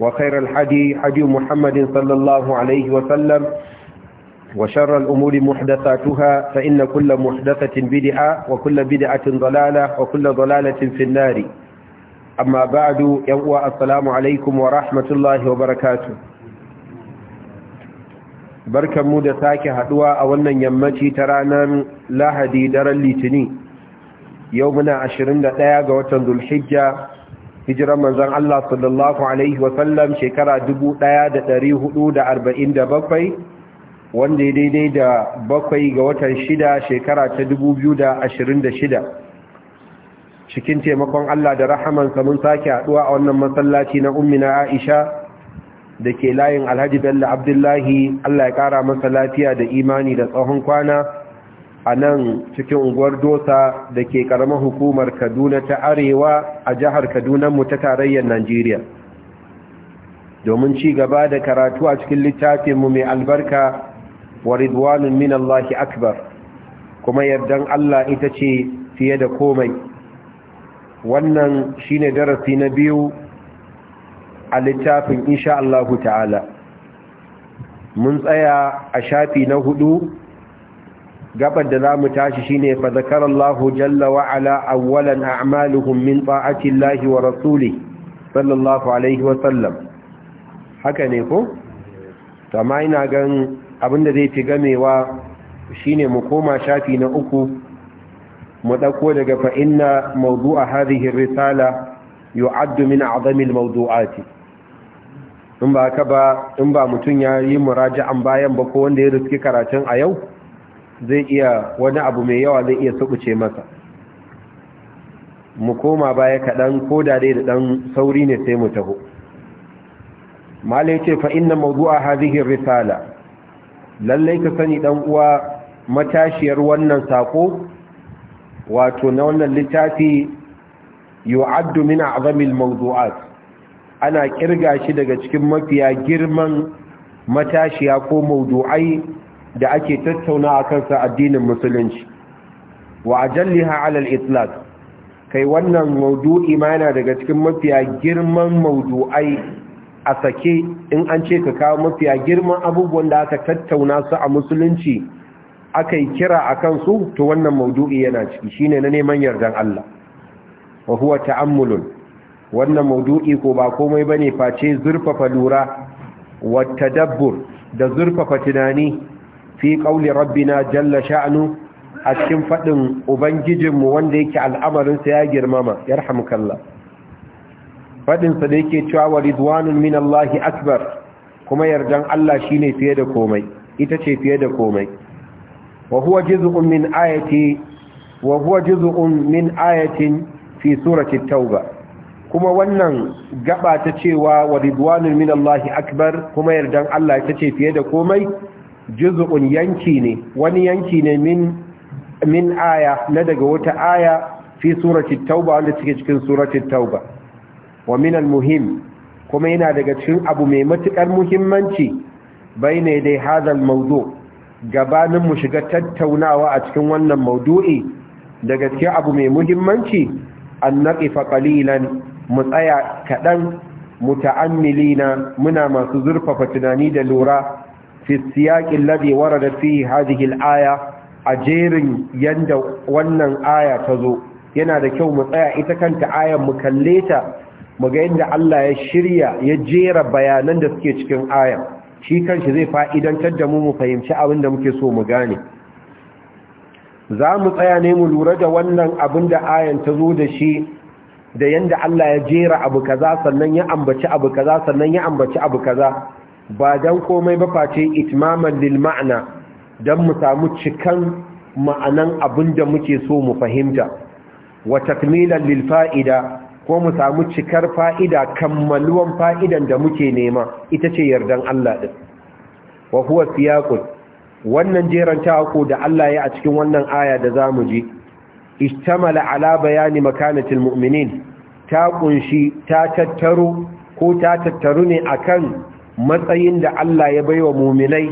وخير الحدي حدي محمد صلى الله عليه وسلم وشر الأمور محدثاتها فإن كل محدثة بدعة وكل بدعة ضلالة وكل ضلالة في النار أما بعد يوء السلام عليكم ورحمة الله وبركاته بركة مودة ساكي هدوى أولا يمتي ترانا لا هدي درى الليتني يومنا عشرين دقائق وتنذو الحجة hijiran manzan Allah sallallahu Alaihi wasallam shekara 1447 wanda ya daidai da bakwai ga watan shida shekara ta 2026 cikin taimakon Allah da rahamansa mun sake haɗuwa a wannan masallaci na ummina Aisha da ke layin Alhaji Bello Abdullahi Allah ya ƙara masa lafiya da imani da tsohon kwana a nan cikin unguwar dosa da ke karamar hukumar kaduna ta arewa a jihar Kaduna mu ta tarayyar najeriya domin ci gaba da karatu a cikin littafinmu mai albarka wa ridwanun min Allahi akbar kuma yardan Allah ita ce fiye da komai wannan shine darasi na biyu a littafin insha Allahu ta'ala mun tsaya a shafi na hudu gabar da za mu tashi shine fa zakarallahu jalla wa ala awwalan a'maluhum min ta'ati wa rasuli sallallahu alaihi wa sallam haka ne ko amma ina gan abinda zai fi gamewa shine mu koma shafi na uku mu dauko daga fa inna mawdu'a hadhihi risala yu'addu min a'zami al in ba ka ba in ba mutun ya yi muraji'an bayan ba ko wanda ya riski karatun a yau zai iya wani abu mai yawa zai iya subuce masa mu koma baya kaɗan ko da dai da ɗan sauri ne sai mu taho malai ce fa inna mawdu'a hadhihi risala lallai ka sani ɗan uwa matashiyar wannan sako wato na wannan littafi yu'addu min a'zamil mawdu'at ana kirga shi daga cikin mafiya girman matashiya ko mawdu'ai da ake tattauna a kansa addinin musulunci wa ha alal itlaq kai wannan maudu'i ma yana daga cikin mafiya girman maudu'ai a sake in an ce ka kawo mafiya girman abubuwan da aka tattauna su a musulunci aka yi kira a kansu to wannan maudu'i yana ciki shine na neman yardan Allah wa huwa ta'ammulun wannan maudu'i ko ba komai bane face zurfafa lura wa tadabbur da zurfafa tunani fi ƙauli rabbina jalla sha'anu a cikin faɗin ubangijinmu wanda yake al'amarinsa ya girmama yarhamkalla faɗinsa da yake cewa wa ridwanun min Allahi akbar kuma yardan Allah shi ne fiye da komai ita ce fiye da komai wa huwa juz'un min ayati wa huwa juz'un min ayatin fi surati tauba kuma wannan gaba ta cewa wa ridwanun min Allahi akbar kuma yardan Allah ita ce fiye da komai juz'un yanki ne wani yanki ne min min aya na daga wata aya fi surati tauba wanda take cikin surati tauba wa min almuhim kuma yana daga cikin abu mai matukar muhimmanci baine dai hadal mawdu gabanin mu shiga tattaunawa a cikin wannan mawdu'i daga cikin abu mai muhimmanci an naqifa qalilan mu tsaya kadan muta'ammilina muna masu zurfafa tunani da lura fi siyaƙin wara warada fi hadihil aya a jerin yadda wannan aya ta zo yana da kyau mu tsaya ita kanta ayan mu kalle ta mu ga yadda Allah ya shirya ya jera bayanan da suke cikin aya, shi kanshi zai fa'idantar da mu mu fahimci abin da muke so mu gane za mu tsaya ne mu lura da wannan abin da ayan ta zo da shi da yadda Allah ya jera abu kaza sannan ya ambaci abu kaza sannan ya ambaci abu kaza ba don komai ba face itmaman lil ma'ana don mu samu cikan ma'anan abin da muke so mu fahimta wa takmilan lil ko mu samu cikar fa'ida kammaluwan fa'idan da muke nema ita ce yardan Allah ɗin wa huwa siyaqul wannan jeran ko da Allah ya a cikin wannan aya da zamu ji ishtamala ala bayani makanatil mu'minin ta kunshi ta tattaru ko ta tattaru ne akan matsayin da Allah ya baiwa muminai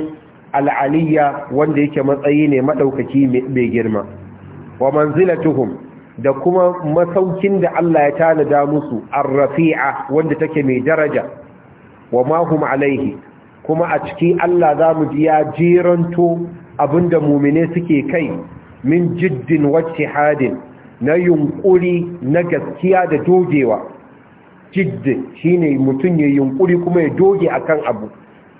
al'aliyya wanda yake matsayi ne maɗaukaki mai girma wa manzilatuhum da kuma masaukin da Allah ya tanada musu arrafi'a wanda take mai daraja wa mahum alaihi kuma a ciki Allah za mu ji ya jeranto abinda mumine suke kai min jiddin wacce hadin na yunkuri na gaskiya da dogewa jidd shine mutum ya yunkuri kuma ya doge akan abu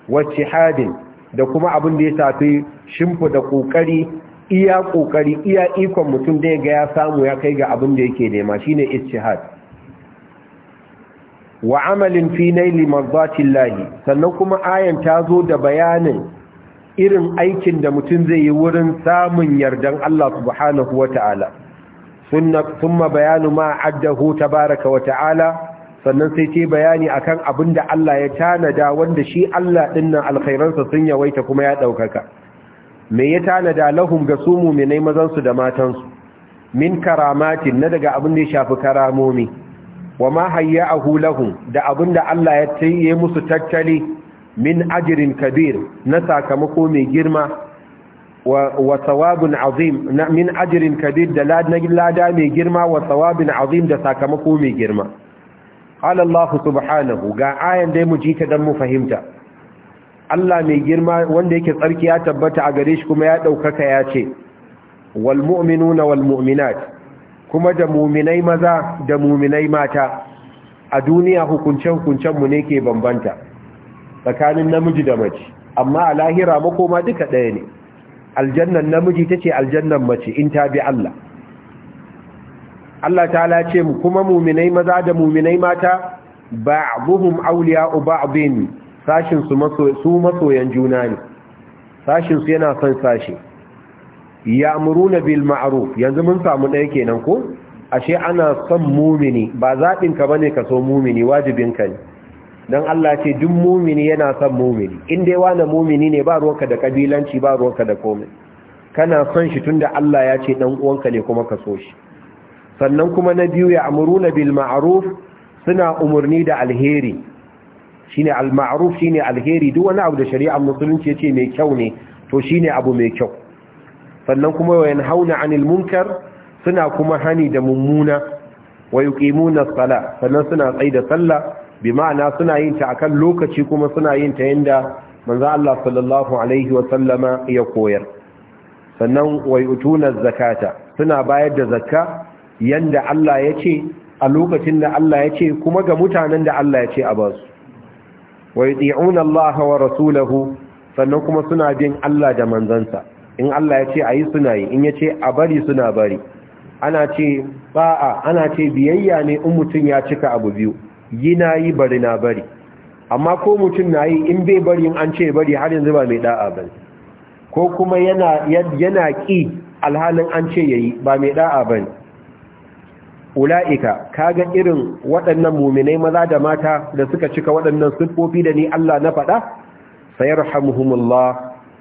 wacce hadin da kuma abin da ya safi shimfiɗa da kokari iya kokari iya ikon mutum da ga ya samu ya kai ga abin da yake nema shine ijtihad wa amalin fi naili marzatillahi sannan kuma ayan ta zo da bayanin irin aikin da mutum zai yi wurin samun yardan Allah subhanahu wata'ala sunna thumma bayanu ma addahu tabaraka wata'ala sannan sai ce bayani akan abin da Allah ya tanada wanda shi Allah ɗinnan alkhairansa sun yawaita kuma ya ɗaukaka. me ya tanada lahum ga su mu mazan su da matansu su min karamatin na daga abin da ya shafi karamomi wa ma a hulahun da abin da Allah ya taye musu tattali min ajirin kabir na sakamako mai girma wa tsawabin azim min ajirin kabir da lada mai girma wa azim da sakamako mai girma qala Allah subhanahu ga ayan dai mu ji ta dan mu fahimta Allah mai girma wanda yake tsarki ya tabbata a gare shi kuma ya daukaka ya ce wal mu'minuna wal mu'minat kuma da mu'minai maza da mu'minai mata a duniya hukuncen hukuncen mu ne ke bambanta tsakanin namiji da mace amma a lahira makoma duka ɗaya ne aljannan namiji tace aljannan mace in ta bi Allah Allah ta'ala ce mu kuma muminai maza da muminai mata ba ba'dhum auliya uba sashin su su masoyan juna ne sashinsu yana son sashi ya'muruna bil ma'aru, yanzu mun samu ɗaya kenan ko ashe ana son mumini ba zaɓin ka ne ka so mumini wajibin ne dan Allah ce duk mumini yana son mumini in dai na mumini ne ba ruwanka da kabilanci ba ruwanka da komai kana son shi tunda Allah ya ce dan uwanka ne kuma ka so shi sannan kuma na biyu ya amuruna bil suna umarni da alheri shine al ma'ruf shine alheri duk wani abu da shari'ar musulunci yace mai kyau ne to ne abu mai kyau sannan kuma wayan hauna anil munkar suna kuma hani da mummuna wa yuqimuna sala sannan suna tsaida sallah bi ma'ana suna yin ta akan lokaci kuma suna yin ta yanda manzo Allah sallallahu alaihi wa sallama ya koyar sannan wa yutuna zakata suna bayar da zakka yanda Allah ya ce a lokacin da Allah ya ce kuma ga mutanen da Allah ya ce a basu wai yuti'una Allah wa rasulahu sannan kuma suna bin Allah da manzansa in Allah ya ce a yi suna yi in ya ce a bari suna bari ana ce ba'a ana ce biyayya ne in mutum ya cika abu biyu yi na yi bari na bari amma ko mutum na yi in bai bari in an ce bari har yanzu ba mai da'a ba ko kuma yana ƙi ki alhalin an ce ya yi, ba mai da'a ne. ula'ika kaga irin waɗannan muminai maza da mata da suka cika waɗannan siffofi da ni Allah na faɗa sayarhamuhumullah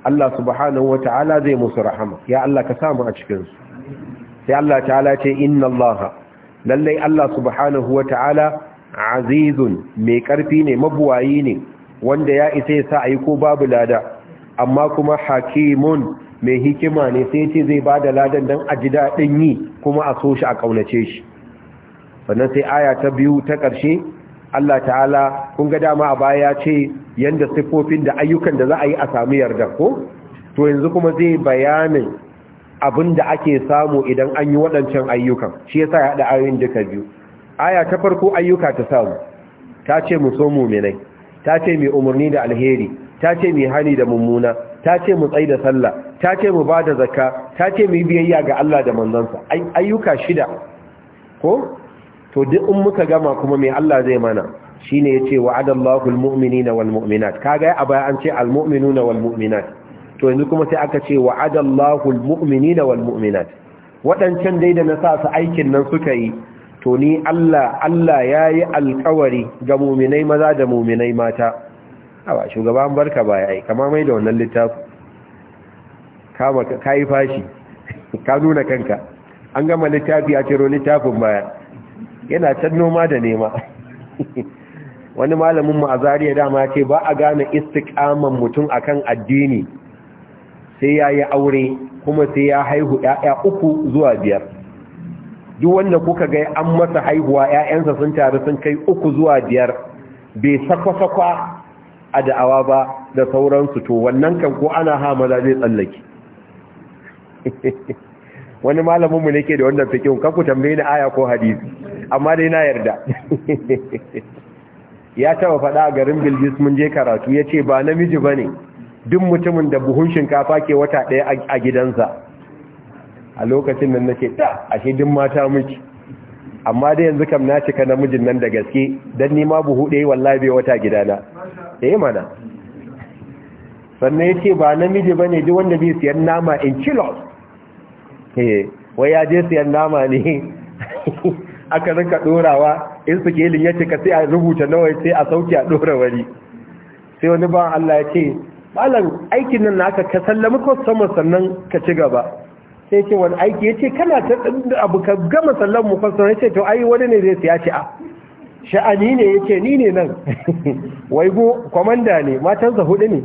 Allah subhanahu ta'ala zai musu rahama ya Allah ka samu a cikinsu. sai Allah ta'ala ce innallaha lallai Allah subhanahu wata'ala azizun mai ƙarfi ne mabuwayi ne wanda ya isa ya sa ayi ko babu lada amma kuma hakimun mai hikima ne sai ce zai bada ladan dan ji daɗin yi kuma a so shi a ƙaunace shi sannan sai aya ta biyu ta ƙarshe Allah ta'ala kun ga dama a baya ya ce yanda siffofin da ayyukan da za a yi a sami yarda ko to yanzu kuma zai bayanin abin da ake samu idan an yi waɗancan ayyukan shi yasa ya haɗa ayoyin duka biyu aya ta farko ayyuka ta samu ta ce mu so muminai ta ce mai umarni da alheri ta ce mai hani da mummuna ta ce mu tsaida da sallah ta ce mu ba da zakka ta ce mu biyayya ga Allah da manzansa ayyuka shida ko to duk in muka gama kuma mai Allah zai mana shi ne shine yace wa'adallahu na walmu'minat Ka gaya a baya an ce almuminu na walmu'minat to yanzu kuma sai aka ce wa'adallahu na walmu'minat Waɗancan dai da na sa su aikin nan suka yi to ni Allah Allah yi alƙawari ga mu'minai maza da mu'minai mata awa shugaban barka baya ai kama mai da wannan littafi ka yi fashi ka nuna kanka an gama littafi a ciro littafin baya yana can noma da nema wani malamin mu a zariya dama ce ba a gane istikaman mutum akan addini sai ya yi aure kuma sai ya haihu ‘ya'ya uku zuwa biyar duk wanda kuka ga an masa haihuwa ‘ya'yansa sun taru sun kai uku zuwa biyar bai sakwa-sakwa a da'awa ba da sauransu to wannan kan ko ana hamada zai tsallake wani malamin mu ke da wannan fikin kan ku tambaye ni aya ko hadisi amma dai na yarda ya taba faɗa a garin Bilgis mun je karatu yace ba namiji bane duk mutumin da buhun shinkafa ke wata ɗaya a gidansa a lokacin nan ce ta ashe duk mata miki amma dai yanzu kam na cika namijin nan da gaske dan nima buhu ɗaya wallahi bai wata gidana eh mana sannan yace ba namiji bane duk wanda bai siyan nama in kilos Eh, wai ya je siyan nama ne aka rinka dorawa in su kelin ya ka sai a rubuta nawa sai a sauki a dora wani sai wani ba Allah ya ce malam aikin nan naka ka sallami sama sannan ka ci gaba sai ce wani aiki ya ce kana ta abu ka gama sallan mu ko ya ce to ai wani ne zai siya ce a sha'ani ne yake ni ne nan wai go komanda ne matansa hudu ne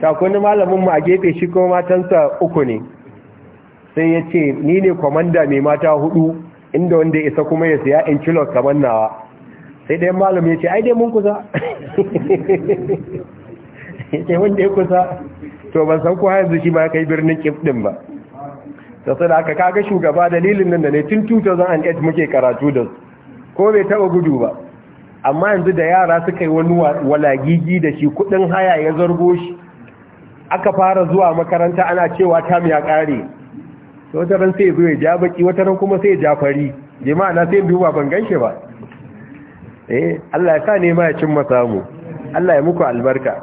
takwani malamin mu a gefe shi kuma matansa uku ne sai ya ce ni ne kwamanda mai mata hudu inda wanda isa kuma ya siya in kilos kamar nawa sai ɗayan malam ya ce ai dai mun kusa ya ce wanda ya kusa to ban san kuwa yanzu shi ma kai birnin kifɗin ba ta sai da aka kaga shugaba dalilin nan da ne tun 2008 muke karatu da su ko bai taɓa gudu ba amma yanzu da yara suka yi wani walagigi da shi kuɗin haya ya zargo shi aka fara zuwa makaranta ana cewa tam ya ƙare wata ran sai zuwa ya ja baki wata ran kuma sai ya ja fari jama'a na sai biyu ba ban ganshi ba eh Allah ya sa ne ma ya cin samu Allah ya muku albarka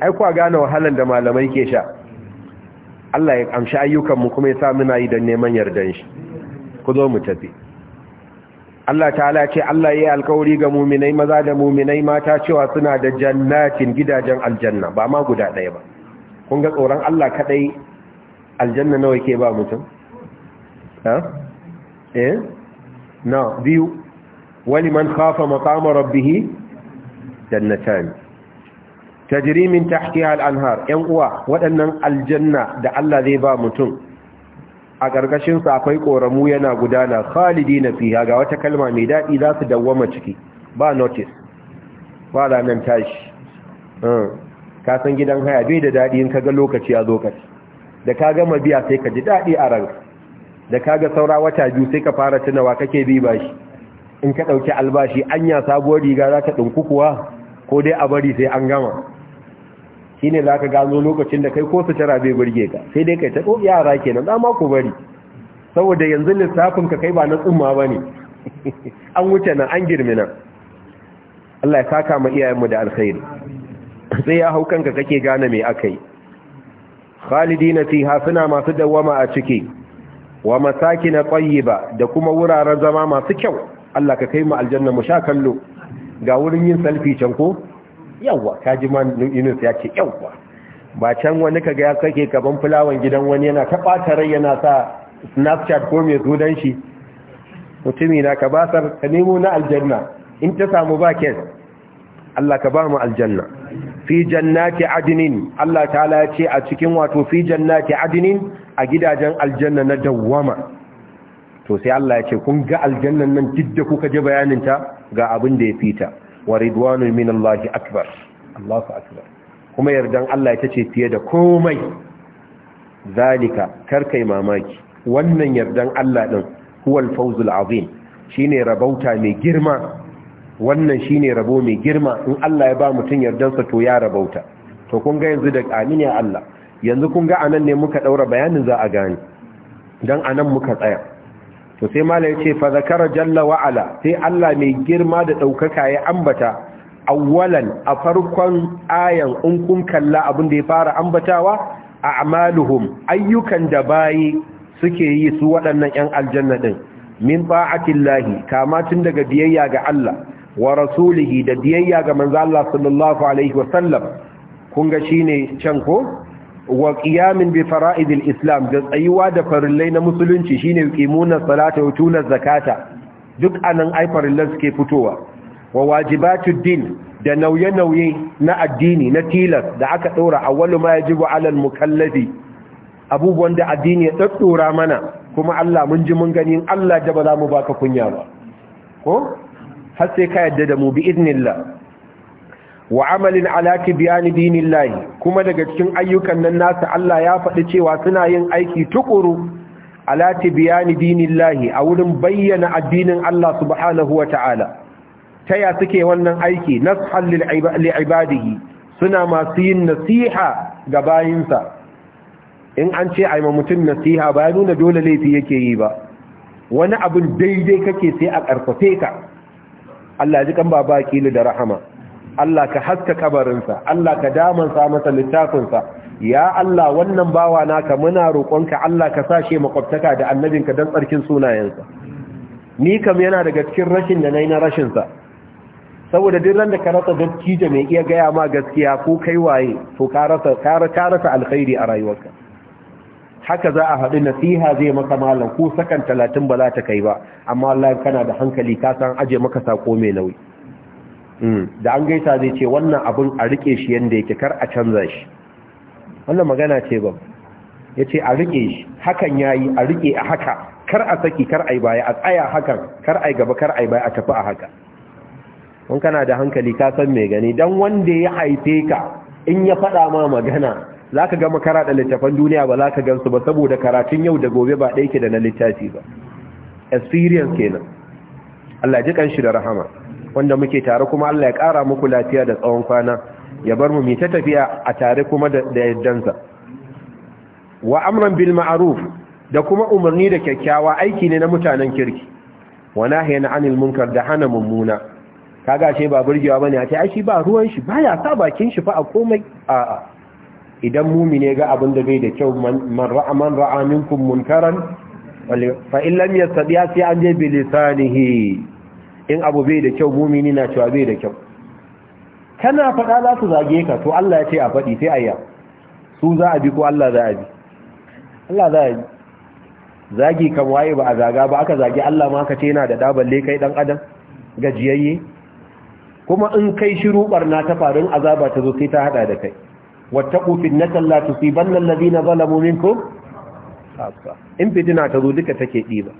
ai ku gane wahalan da malamai ke sha Allah ya amshi ayyukan mu kuma ya sa muna yi da neman yardan shi ku zo mu tafi Allah ta'ala ce Allah ya yi alkawari ga muminai maza da muminai mata cewa suna da jannatin gidajen aljanna ba ma guda ɗaya ba kun ga tsoron Allah kaɗai aljanna nawa ke ba mutum eh na biyu wani man khafa maqama rabbih jannatan tajri min tahtiha al-anhar yan uwa waɗannan aljanna da Allah zai ba mutum a ƙarƙashin sa akwai koramu yana gudana khalidina fiha ga wata kalma mai dadi za su dawwama ciki ba notice ba nan tashi hmm. ka san gidan haya bai da dadi in kaga lokaci ya zo da ka gama biya sai ka ji dadi a ranka da kaga saura wata biyu sai ka fara tunawa kake bi bashi in ka dauki albashi anya sabuwar riga za ta dinku kuwa ko dai a bari sai an gama shine za ka gano lokacin da kai ko su tara bai burge ka sai dai kai ta ɗo oh, yara kenan za ma ku bari saboda yanzu lissafin ka kai ba na tsumma ba ne an wuce nan an girmi nan Allah ya saka ma iyayenmu da alkhairi sai ya hau kanka kake gane me akai yi khalidina fiha suna masu dawwama a ciki wa masakin ba, da kuma wuraren zama masu kyau Allah ka kai mu aljanna mu sha kallo ga wurin yin salfi can ko yawa kaji man Yunus ya ce yawa ba can wani kaga ya sake gaban fulawan gidan wani yana ta bata rai yana sa Snapchat ko mai sunan shi mutumi na ka basar ka nemo na aljanna in ta samu ba ken Allah ka ba mu aljanna fi jannati adinin Allah ta'ala ce a cikin wato fi jannati adinin a gidajen aljanna na dawwama to sai Allah ya ce kun ga aljannan nan didda kuka ji bayanin ta ga abin da ya fita wa ridwanu minallahi akbar Allahu akbar kuma yardan Allah ita ce fiye da komai zalika kar karkai mamaki wannan yardan Allah din huwal fawzul azim shine rabauta mai girma wannan shi ne rabo mai girma in Allah ya ba mutum yardansa to ya rabauta to kun ga yanzu da amin ya Allah yanzu kun ga anan ne muka ɗaura bayanin za a gani a anan muka tsaya to sai mala yace fa zakara jalla wa'ala sai Allah mai girma da ɗaukaka ya ambata awwalan a farkon ayan in kun kalla abin da ya fara ambatawa a'maluhum ayyukan da bayi suke yi su waɗannan 'yan aljanna din min ba'atillahi kama tun daga biyayya ga Allah wa rasulihi da biyayya ga manzo Allah sallallahu alaihi wasallam kun ga shine can ko wa qiyamin bi fara'idil islam da tsayuwa da farillai na musulunci shine yuqimuna salata wa tuna zakata duk anan ai farillan suke fitowa wa wajibatud din da nauye-nauye na addini na tilas da aka ɗora awwalu ma yajibu alal mukallafi abubuwan da addini ya ɗaɗɗora mana kuma Allah mun ji mun gani Allah da ba za mu baka kunya ba ko har sai ka yadda da mu bi idnillah wa amalin ala tibyani dinillahi kuma daga cikin ayyukan nan nasa Allah ya faɗi cewa suna yin aiki tukuru ala biyani dinillahi a wurin bayyana addinin Allah subhanahu wataala taya suke wannan aiki nashal li ibadihi suna masu yin nasiha ga bayinsa in an ce ai mutum nasiha ba ya nuna dole laifi yake yi ba wani abin daidai kake sai a karfafe ka Allah ji kan baba kili da rahama Allah ka haska kabarinsa Allah ka damansa masa littafinsa ya Allah wannan bawa naka muna roƙonka Allah ka sashe makwabtaka da annabinka dan tsarkin sunayensa ni kam yana daga cikin rashin da na yi na saboda duk ran da ka rasa dattijo mai iya gaya ma gaskiya ko kai waye to ka rasa alkhairi a rayuwarka haka za a haɗu nasiha zai maka malam ko sakan talatin ba za ta kai ba amma Allah kana da hankali ka san aje maka sako mai nauyi hmm, da an gaisa zai ce wannan abin a rike shi yadda yake kar a canza shi wannan magana ce ba ya ce a rike shi hakan ya yi a rike a haka kar a saki kar a yi baya a tsaya hakan kar a yi gaba kar a yi baya a tafi a haka wani kana da hankali ka san mai gani don wanda ya haife ka in ya faɗa ma magana za ka gama da littafan duniya ba za ka gansu ba saboda karatun yau da gobe ba ɗaya ke da na littafi ba experience kenan Allah ji kanshi da rahama wanda muke tare kuma Allah ya ƙara muku lafiya da tsawon kwana ya bar mu ta tafiya a tare kuma da yaddansa wa amran bil ma'ruf da kuma umarni da kyakkyawa aiki ne na mutanen kirki wa nahyan 'anil munkar da hana mummuna kaga ce ba burgewa bane a ce ai shi ba ruwan shi baya sa bakin shi fa a komai a'a idan mumine ga abin da bai da kyau man ra'a man ra'a minkum munkaran fa in lam ya sai an je bi lisanihi in abu bai da kyau mumini na cewa bai da kyau kana faɗa za su zage ka to Allah ya ce a faɗi sai ayya su za a bi ko Allah za a bi Allah za a bi zagi kan waye ba a zaga ba aka zagi Allah ma ka ce yana da daballe kai dan adam gajiyayye kuma in kai shiru barna ta farin azaba ta zo sai ta hada da kai wattaqu fitnatan la tusibanna alladhina zalamu minkum khassa in fitina ta zo duka take diba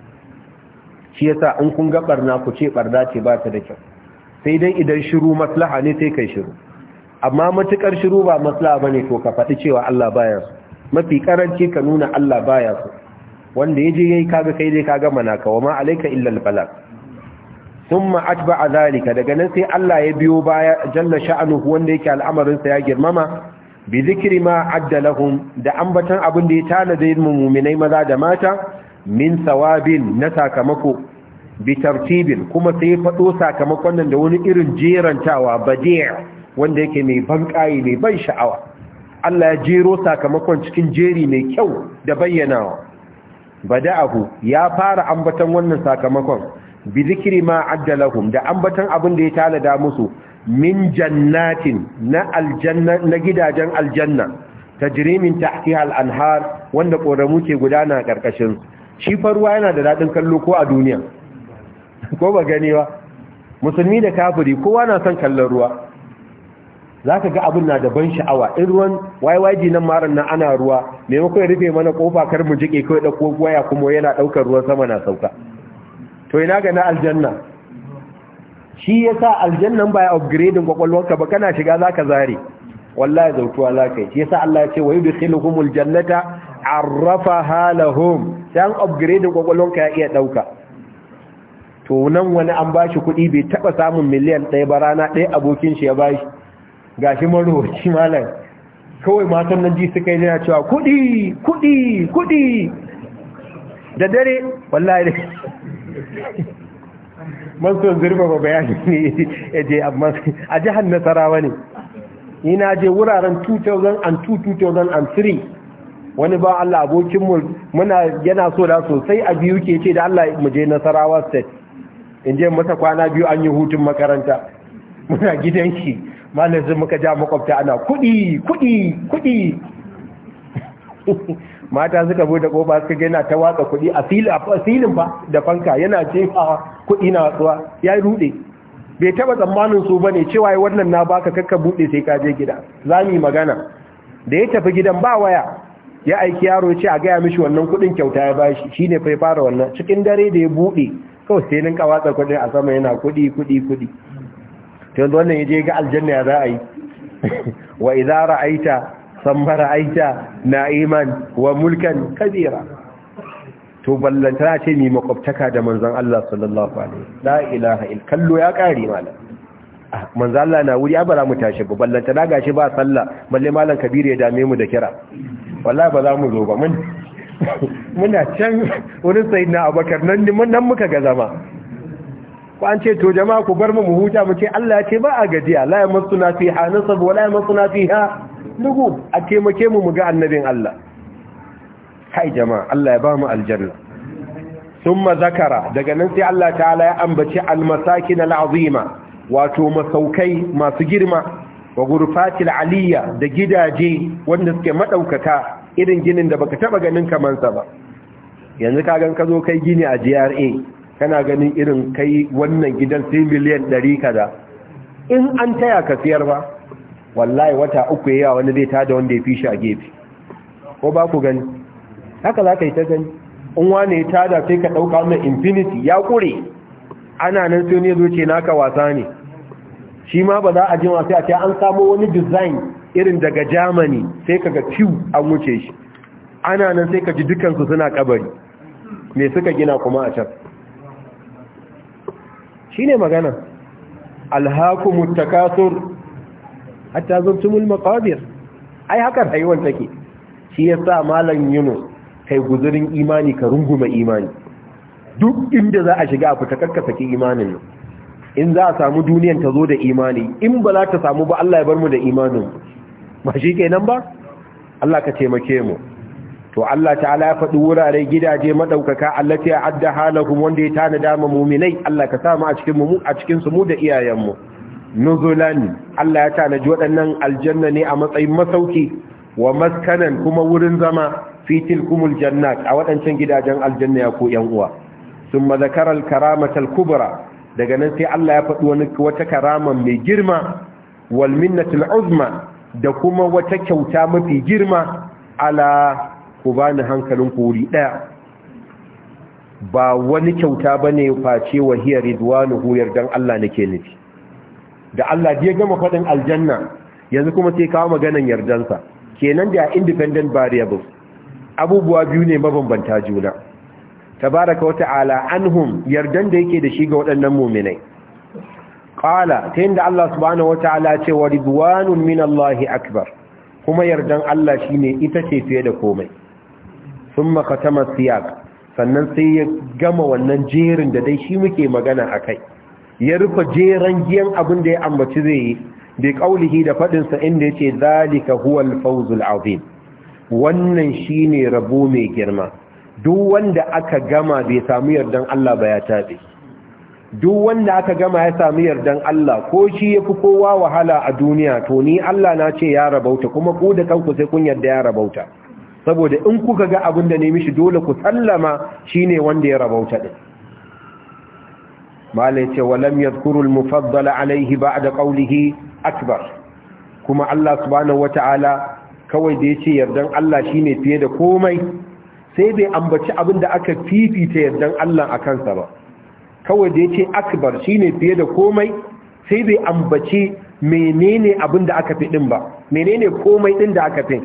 shi yasa in kun ga na ku ce barna ce ba ta da kyau sai dai idan shiru maslaha ne sai kai shiru amma matukar shiru ba maslaha bane to ka faɗi cewa Allah baya so mafi karanci ka nuna Allah baya so wanda yaje yayi kaga kai dai kaga manaka wa ma alayka illa al-balagh thumma atba'a zalika daga nan sai Allah ya biyo baya jalla sha'anuhu wanda yake al'amarin sa ya girmama bi zikri ma adda da ambatan abin da ya tanada mu'minai maza da mata min sawabin na sakamako bi tartibin kuma sai fado sakamakon nan da wani irin jerantawa badi' wanda yake mai bankayi mai ban sha'awa Allah ya jero sakamakon cikin jeri mai kyau da bayyanawa bada'ahu ya fara ambatan wannan sakamakon bi zikri ma adda da ambatan abin da ya tanada musu min jannatin na aljanna na gidajen aljanna tajri min tahtiha al wanda koramu ke gudana karkashin shi farwa yana da dadin kallo ko a duniya ko ba gani ba musulmi da kafiri kowa na son kallon ruwa zaka ga abin na da ban sha'awa in ruwan YYG nan maran nan ana ruwa me maimakon rufe mana kofa kar mu jike kai da waya kuma yana daukar ruwan sama na sauka to ina ga na aljanna shi ya yasa aljannan baya upgrading kwakwalwarka ba kana shiga za ka zare wallahi zautuwa ka yi shi ya sa Allah ya ce wa yudkhiluhumul jannata arrafaha lahum sai an upgrading kwakwalwarka ya iya ɗauka. to wani an ba shi kuɗi bai taba samun miliyan ɗaya ba rana ɗaya abokin shi ya bashi shi marowaci malam kawai matan nan ji suka yi yana cewa kuɗi kuɗi kuɗi da dare wallahi man son ba bayani ne ya je amma a jihar nasarawa ne ina je wuraren and and 3 wani ba Allah abokinmu muna yana so da sosai a biyu ke ce da Allah mu je nasarawa state in je masa kwana biyu an yi hutun makaranta muna gidan shi zai muka ja makwabta ana kudi kudi kudi mata suka bude kofa suka gina ta watsa kudi a filin ba da fanka yana jefawa kuɗi na watsuwa ya yi rude bai taba tsammanin su bane cewa yi wannan na baka kakka buɗe sai ka je gida za mu yi magana da ya tafi gidan ba waya ya aiki yaro ce a gaya mishi wannan kuɗin kyauta ya bashi Shi ne fai fara wannan cikin dare da ya buɗe kawai sai ninka watsa kuɗi a sama yana kuɗi kuɗi kuɗi to yanzu wannan ya je ga aljanna ya za a yi wa idara ra'aita sambara ra'aita na'iman wa mulkan kabira to ballanta ce mai makwabtaka da manzan Allah sallallahu alaihi la ilaha ha'il, kallo ya kare malam ah, manzan Allah na wuri abara mu tashi ba ballanta da gashi ba sallah balle malam kabir ya dame mu da kira walla ba za mu zo ba muna can wurin na abakar nan nan muka ga zama ko an ce to jama'a ku bar mu mu huta mu ce Allah ya ce ba a gajiya la yamsuna fiha nasab wa la yamassuna fiha lugu a taimake mu mu ga annabin Allah kai jama'a Allah ya ba mu aljanna thumma zakara daga nan sai Allah ta'ala ya ambaci almasakin alazima wato masaukai masu girma wa gurfatil aliyya da gidaje wanda suke madaukaka irin ginin da baka taba ganin kaman sa ba yanzu ka gan ka zo kai gini a GRA kana ganin irin kai wannan gidan 3 million 100 kaza in an taya ka siyar ba wallahi wata uku yayi wani zai tada wanda ya fi shi a gefe ko ba ku gani haka za ka yi ta gani in wane ya tada sai ka ɗauka mai infinity ya ƙure ana nan sai ne zuce naka wasa ne shi ma ba za a jin sai ce an samo wani design irin daga germany sai ka ga pew an wuce shi ana nan sai ka ji dukansu suna kabari me suka gina kuma a can shi ne magana alhaku mutakasur hatta zurtumul maqabir ai haka rayuwar take shi yasa malam yunus kai guzurin imani ka runguma imani duk inda za a shiga a fita saki imanin in za a samu duniyan ta zo da imani in ba za ta samu ba Allah ya bar mu da imanin ba shi kenan ba Allah ka taimake mu to Allah ta'ala ya faɗi wurare gidaje madaukaka allati adda halakum wanda ya tana dama mu'minai Allah ka sa mu a cikin mu a cikin su mu da iyayen mu nuzulan Allah ya ji waɗannan aljanna ne a matsayin masauki wa maskanan kuma wurin zama fitil kumul jannat a waɗancan gidajen aljanna ya ko yan uwa sun mazakarar karamatal kubra daga nan sai Allah ya faɗi wani wata karama mai girma wal minnatul uzma da kuma wata kyauta mafi girma ala ku bani hankalin ku wuri ɗaya ba wani kyauta ba ne face wahiyar ridwanu huyar don Allah nake nufi da Allah ya gama faɗin aljanna yanzu kuma sai kawo maganan yardansa kenan da independent variables abubuwa biyu ne mabambanta juna tabaraka wa ta'ala anhum yardan da yake da shi ga waɗannan mu'minai qala ta yanda Allah subhanahu wa ta'ala ce wa ridwanun min Allah akbar kuma yardan Allah shine ita ce fiye da komai thumma khatama siyaq sannan sai ya gama wannan jerin da dai shi muke magana akai ya rufe jeran giyan abin da ya ambaci zai yi bi qaulihi da fadin sa inda yace zalika huwal fawzul azim wannan shine rabo mai girma duk wanda aka gama bai samu yardan Allah ba ya tabe duk wanda aka gama ya samu yardan Allah ko shi yafi kowa wahala a duniya to ni Allah na ce ya rabauta kuma ku da kanku sai kun yarda ya rabauta saboda in kuka ga abin da ne mishi dole ku sallama shine wanda ya rabauta din malai ce lam yadhkuru al-mufaddala alayhi ba'da qawlihi akbar kuma Allah subhanahu wata'ala kawai da ya ce yardan Allah shi ne fiye da komai sai bai ambaci abin da aka fifita yardan Allah a kansa ba kawai da ya ce akbar ne fiye da komai sai bai ambaci menene abin da aka fi din ba menene komai din da aka fi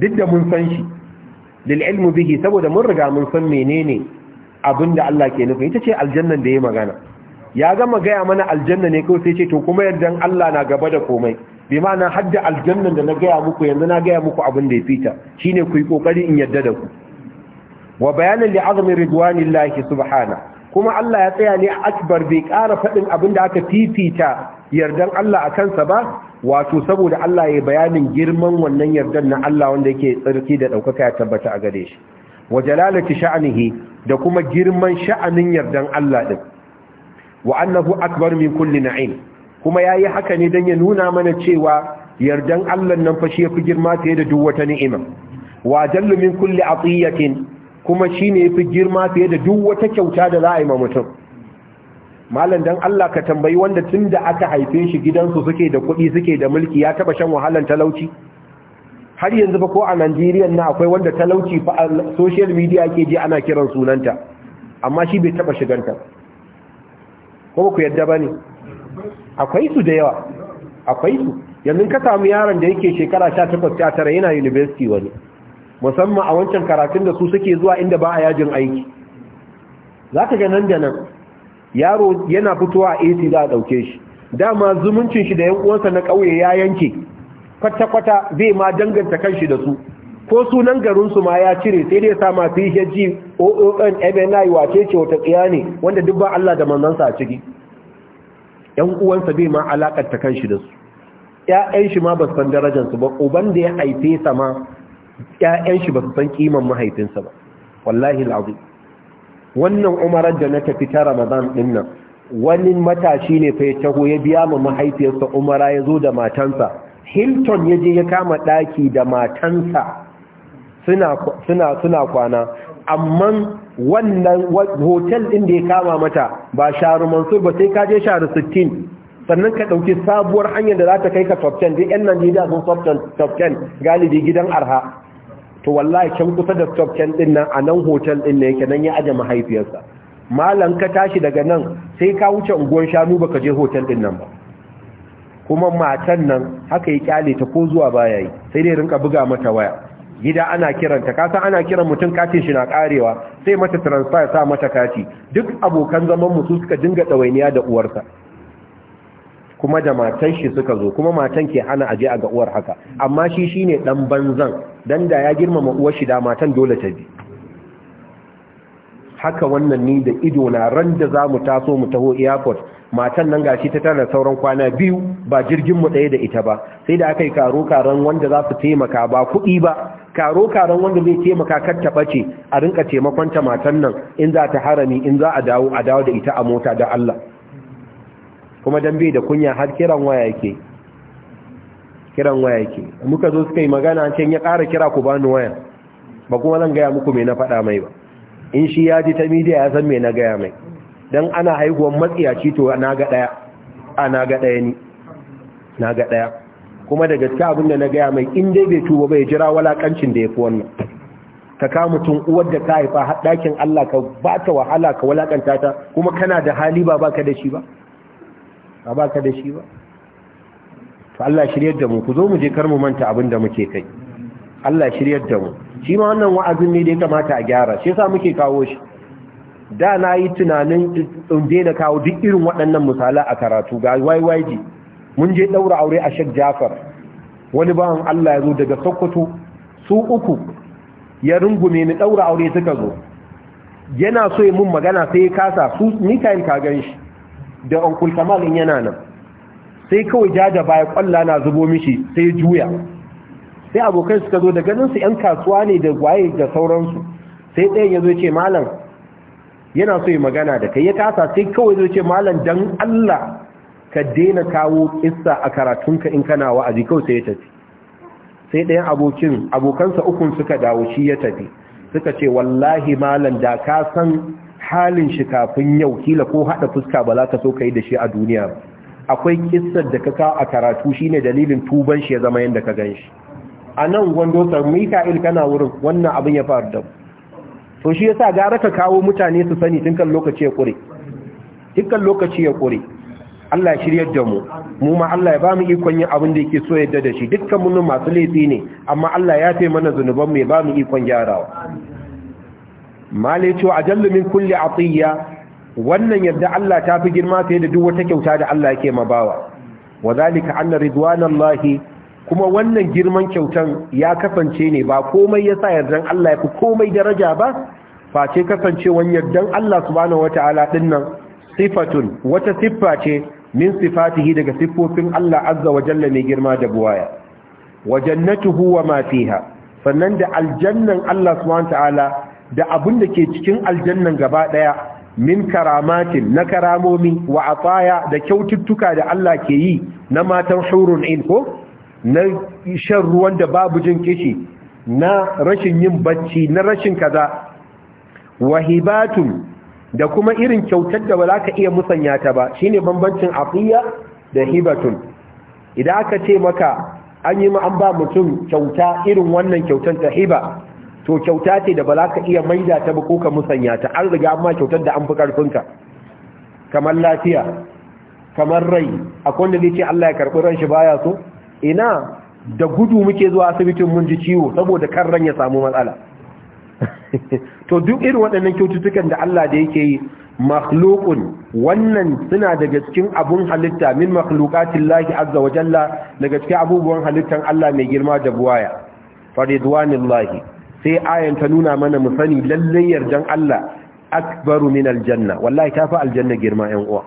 duk da mun san shi lil ilmu bihi saboda mun riga mun san menene abin da Allah ke nufi ita ce aljannan da ya magana ya gama gaya mana aljanna ne kawai sai ce to kuma yardan Allah na gaba da komai bi ma'ana hadda aljannan da na gaya muku yanzu na gaya muku abin da ya fita shine ku yi kokari in yadda da ku wa bayanan li azmi ridwanillahi subhana kuma Allah ya tsaya ne akbar bai ƙara faɗin abin da aka fifita yardan Allah a kansa ba wato saboda Allah ya bayanin girman wannan yardan na Allah wanda yake tsarki da ɗaukaka ya tabbata a gare shi wa jalalati sha'nihi da kuma girman sha'anin yardan Allah din wa annahu akbar min kulli na'im kuma ya yi haka ne don ya nuna mana cewa yardan Allah nan fashi ya fi girma fiye da duk wata ni'ima wa jallu min kulli atiyatin kuma ya fi girma fiye da duk wata kyauta da za a yi ma mutum malam dan Allah ka tambayi wanda tun da aka haife shi gidansu suke da kuɗi suke da mulki ya taba shan wahalan talauci har yanzu ba ko a Najeriya na akwai wanda talauci fa a social media ke ji ana kiran sunanta amma shi bai taba shiganta ko ku yadda ne. akwai su da yawa akwai su yanzu ka samu yaron da yake shekara 18 tara yana university wani musamman a wancan karatun da su suke zuwa inda ba a yajin aiki za ka ga nan da nan yaro yana fitowa a AC za a ɗauke shi dama zumuncin shi da yan uwansa na kauye ya yanke kwata-kwata zai ma danganta kanshi da su ko sunan garinsu ma ya cire sai dai sa sama hajji OON MNI wace ce wata tsiya ne wanda duk ba Allah da manzansa a ciki ‘yan uwansa bai ma alaƙar ta kanshi da su ‘ya'yan shi ma ba su san darajarsu ba uban da ya haife sa ma ‘ya'yan shi ba su san kiman mahaifinsa ba wallahi la'azu. wannan umarar da na tafi ta ramadan din nan wani matashi ne fa ya taho ya biya ma mahaifiyarsa umara ya zo da matansa hilton ya je ya kama ɗaki da matansa suna kwana amma wannan hotel din da ya kama mata ba sharu mansur ba sai ka je sharu 60 sannan ka ɗauki sabuwar hanyar da za ta kai ka top 10 duk 'yan najeriya sun top 10 galibi gidan arha to wallahi can kusa da top 10 din nan a nan hotel din ne yake nan ya aje mahaifiyarsa malam ka tashi daga nan sai ka wuce unguwar shanu baka je hotel din nan ba kuma matan nan haka ya kyale ta ko zuwa baya yi sai dai rinka buga mata waya gida ana kiranta kasan ana kiran mutum katin shi na karewa sai mata transfer sa mata kati duk abokan zaman mutu suka dinga tsawainiya da uwarsa kuma da matan shi suka zo kuma matan ke hana aje a ga uwar haka amma shi shine dan banzan dan da ya girmama uwar shi da matan dole ta bi haka wannan ni da ido na ran da za mu taso mu taho airport matan nan gashi ta tana sauran kwana biyu ba jirgin mu ɗaya da ita ba sai da aka yi karo-karon wanda za su taimaka ba kuɗi ba karo-karon wanda zai taimaka kar ta ɓace a rinka taimakon ta matan nan in za ta harami in za a dawo a dawo da ita a mota da Allah kuma dan bai da kunya har kiran waya yake kiran waya yake muka zo suka yi magana can ya ƙara kira ku bani waya ba kuma zan gaya muku me na faɗa mai ba in shi ya ji ta midiya ya san me na gaya mai dan ana haihuwar matsiyaci to na ga ɗaya a na ga ɗaya ni na ga ɗaya kuma da gaske abin da na gaya mai in dai bai tuba bai jira walakancin da ya fi wannan ka ka mutum uwar da ka haifa haɗakin Allah ka ba ta wahala ka walakanta ta kuma kana da hali ba ka da shi ba ba ka da shi ba to Allah shiryar da mu ku zo mu je kar mu manta abin da muke kai Allah shiryar da mu shi ma wannan wa'azin ne da ya kamata a gyara shi yasa muke kawo shi da na yi tunanin in daina kawo duk irin waɗannan misala a karatu ga YYG mun je ɗaura aure a shek jafar wani bawan allah ya zo daga sokoto su uku ya rungume ni ɗaura aure suka zo yana so ya mun magana sai ya kasa su mikayin ka gan shi da onkul kamal in yana nan sai kawai jaja baya kwalla na zubo mishi sai juya sai abokan suka zo da ganin su yan kasuwa ne da waye da sauransu sai ɗayan ya zo ce malam yana so yi magana da kai ya kasa sai kawai zo ce malam dan Allah ka daina kawo kissa a karatunka in kana wa'azi kawai sai ya tafi sai ɗayan abokin abokansa ukun suka dawo shi ya tafi suka ce wallahi malam da ka san halin shi kafin yau kila ko haɗa fuska ba za ka so ka yi da shi a duniya akwai kissa da ka kawo a karatu shine dalilin tuban shi ya zama yadda ka gan shi a nan gwando mika'il kana wurin wannan abin ya faru da to shi yasa gara ka kawo mutane su sani tun kan lokaci ya kure tun kan lokaci ya ƙure Allah ya shiryar da mu mu ma Allah ya bamu ikon yin abin da yake so yadda da shi dukkan mun masu laifi ne amma Allah ya fe mana zanuban mu ya bamu ikon gyarawa malaiku ajallu min kulli atiya wannan yadda Allah ta fi girma fiye da duk wata kyauta da Allah yake mabawa wadhalika anna ridwanallahi kuma wannan girman kyautan ya kasance ne ba komai yasa yardan Allah ya fi komai daraja ba face kasancewan yardan Allah subhanahu wataala dinnan sifatun wata siffa ce min sifatihi daga siffofin Allah azza wa jalla mai girma da buwaya wa jannatuhu wa ma fiha sannan da aljannan Allah subhanahu ta'ala da abin da ke cikin aljannan gaba daya min karamatin na karamomi wa ataya da kyaututtuka da Allah ke yi na matan hurun in ko na shan ruwan da babu jin kishi na rashin yin bacci na rashin kaza wahibatun da kuma irin kyautar da ba za ka iya musanya ta ba shi ne bambancin afiya da hibatun idan aka ce maka an yi ma ba mutum kyauta irin wannan kyautar ta hiba to kyauta ce da ba za ka iya maida ta ba ko ka musanya ta an riga ma kyautar da an fi karfinka kamar lafiya kamar rai akwai kwanda zai ce Allah ya karɓi ran shi baya so ina da gudu muke zuwa asibitin mun ji ciwo saboda kan ran ya samu matsala to duk irin waɗannan kyaututtukan da Allah da yake yi makhluqun wannan suna daga cikin abun halitta min makhluqatillahi azza wa jalla daga cikin abubuwan halittan Allah mai girma da buwaya faridwanillahi sai ayan ta nuna mana mu sani lalle yardan Allah akbaru min aljanna wallahi tafi aljanna girma 'yan uwa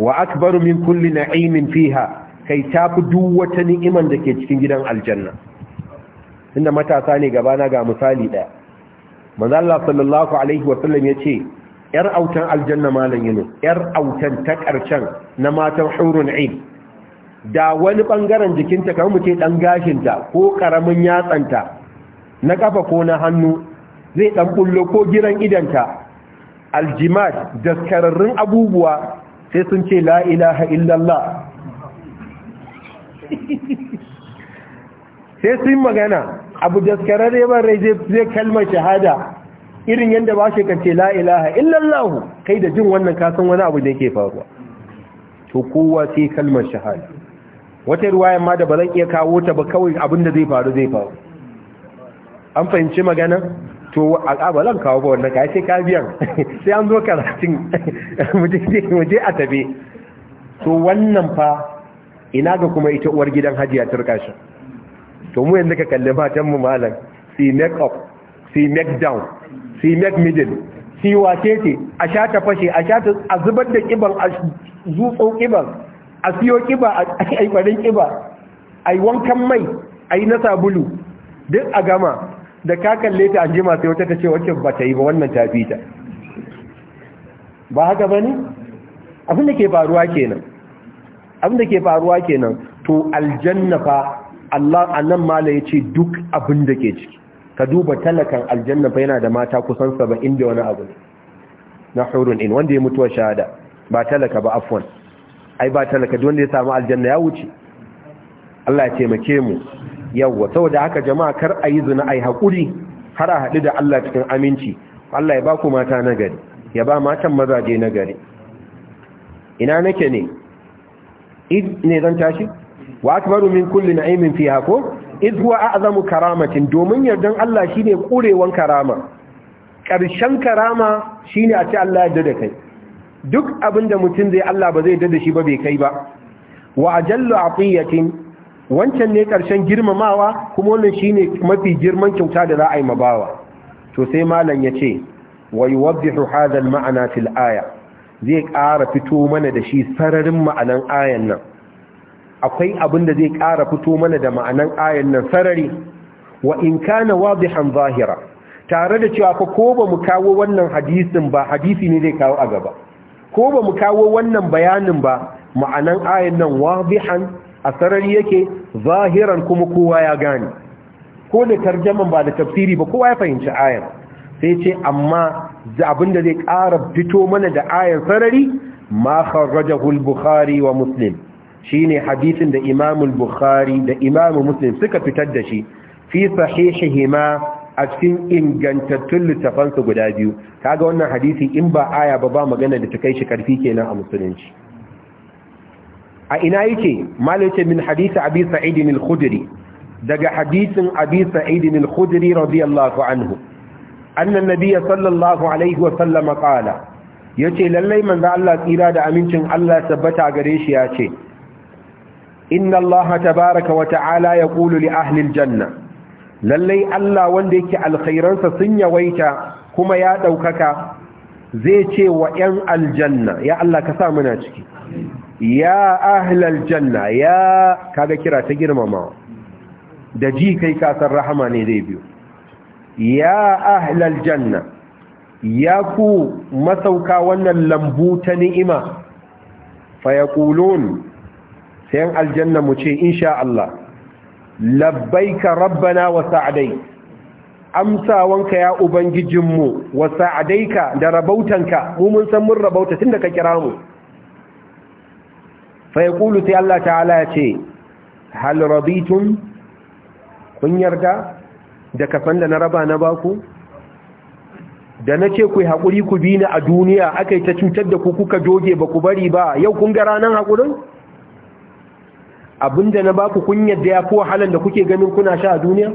wa akbaru min kulli na'imin fiha kai tafi duk wata ni'imar da ke cikin gidan aljanna inda matasa ne gabana ga misali daya Maza Allah sallallahu alaihi wa sallam yace yar autan aljanna malan yino yar autan ta ƙarshen na matan hurun ain da wani ɓangaren jikinta kamar mu ce ɗan gashinta ko karamin yatsanta na ƙafa ko na hannu zai ɗan ɓullo ko giran idanta aljimat daskararrun abubuwa sai sun ce la ilaha illallah sai yi magana abu daskararre ban rai zai kalmar shahada irin yadda ba shi kace la la'ilaha illallah kai da jin wannan kasan wani abu da yake faruwa to kowa sai kalmar shahada wata ruwayan ma da ba zan iya kawo ta ba kawai abin da zai faru zai faru an fahimci magana to a ƙabalan kawo ba wannan kai sai ka biyan sai an zo karatun waje a tabe to wannan fa ina ga kuma ita uwar gidan hajiya turkashin to mu yanzu ka kalli can mu malam si make up si make down si make middle si wace ce a sha ta fashe a sha ta a zubar da kiban a zuƙo kiban a siyo kiba a yi barin kiba a yi wankan mai a yi na sabulu duk a gama da ka kalle ta an jima sai wata ta ce wacce ba ta yi ba wannan ta fi ta ba haka ba ne abinda ke faruwa kenan abinda ke faruwa kenan to aljanna fa Allah anan mala ce duk abin da ke ciki ka duba talakan aljanna fa yana da mata kusan 70 da wani abu ne na hurun in wanda ya wa shahada ba talaka ba afwan ai ba talaka duk wanda ya samu aljanna ya wuce Allah ya taimake mu yawwa saboda haka jama'a kar a yi zina ai hakuri har a haɗu da Allah cikin aminci Allah ya ba ku mata na gari ya ba matan mazaje na gari ina nake ne ne zan tashi wa akbaru min kulli na'imin fiha ko iz huwa a'zamu karamatin domin yardan Allah shine kurewan karama karshen karama shine a ce Allah yarda da kai duk abinda mutum zai Allah ba zai yarda shi ba bai kai ba wa ajallu atiyatin wancan ne karshen girmamawa kuma wannan shine mafi girman kyauta da za a yi mabawa to sai malam ya wa yuwaddihu hadha al-ma'na fil aya zai ƙara fito mana da shi sararin ma'anan ayan nan akwai abin da zai ƙara fito mana da ma'anan ayan nan sarari wa in kana wadihan zahira tare da cewa ko ba mu kawo wannan hadisin ba hadisi ne zai kawo a gaba ko ba mu kawo wannan bayanin ba ma'anan ayan nan wadihan a sarari yake zahiran kuma kowa ya gane ko da tarjaman ba da tafsiri ba kowa ya fahimci ayan sai ce amma abin da zai ƙara fito mana da ayan sarari ma kharrajahu al-bukhari wa muslim shine hadisin da Imam Bukhari da Imam Muslim suka fitar da shi fi sahihihima a cikin ingantattun littafansu guda biyu kaga wannan hadisi in ba aya ba ba magana da ta kai shi karfi kenan a musulunci a ina yake malace min hadisi abi sa'id al-khudri daga hadisin abi sa'id al-khudri radiyallahu anhu anna an sallallahu alaihi wa sallam qala yace lallai manzo Allah tsira da amincin Allah tabbata gare shi ya ce. inna allaha tabaraka wa ta'ala ya li ahli janna. lallai allah wanda yake alkhairansa sun yawaita kuma ya ɗaukaka. zai ce wa ‘yan aljanna, ya Allah ka sa muna ciki, ya ahlal janna ya kaga kira ta girmamawa, da ji kai kasar rahama ne zai biyu, ya ahlal janna ya ku masauka wannan lambu ta ni'ima, fayakulun sayan aljanna mu ce insha Allah labbaika rabbana wa sa'adai amsawanka ya ubangijinmu wa ka da rabautanka mu mun san mun rabauta tunda ka kira mu fa Kulu sai Allah ta'ala ya ce hal raditum kun yarda da kafan da na raba na baku da na ce ku yi haƙuri ku bi ni a duniya aka yi ta cutar da ku kuka doge ba ku bari ba yau kun ga ranar haƙurin abinda na baku kun yadda ya fi wahalan da kuke ganin kuna sha a duniya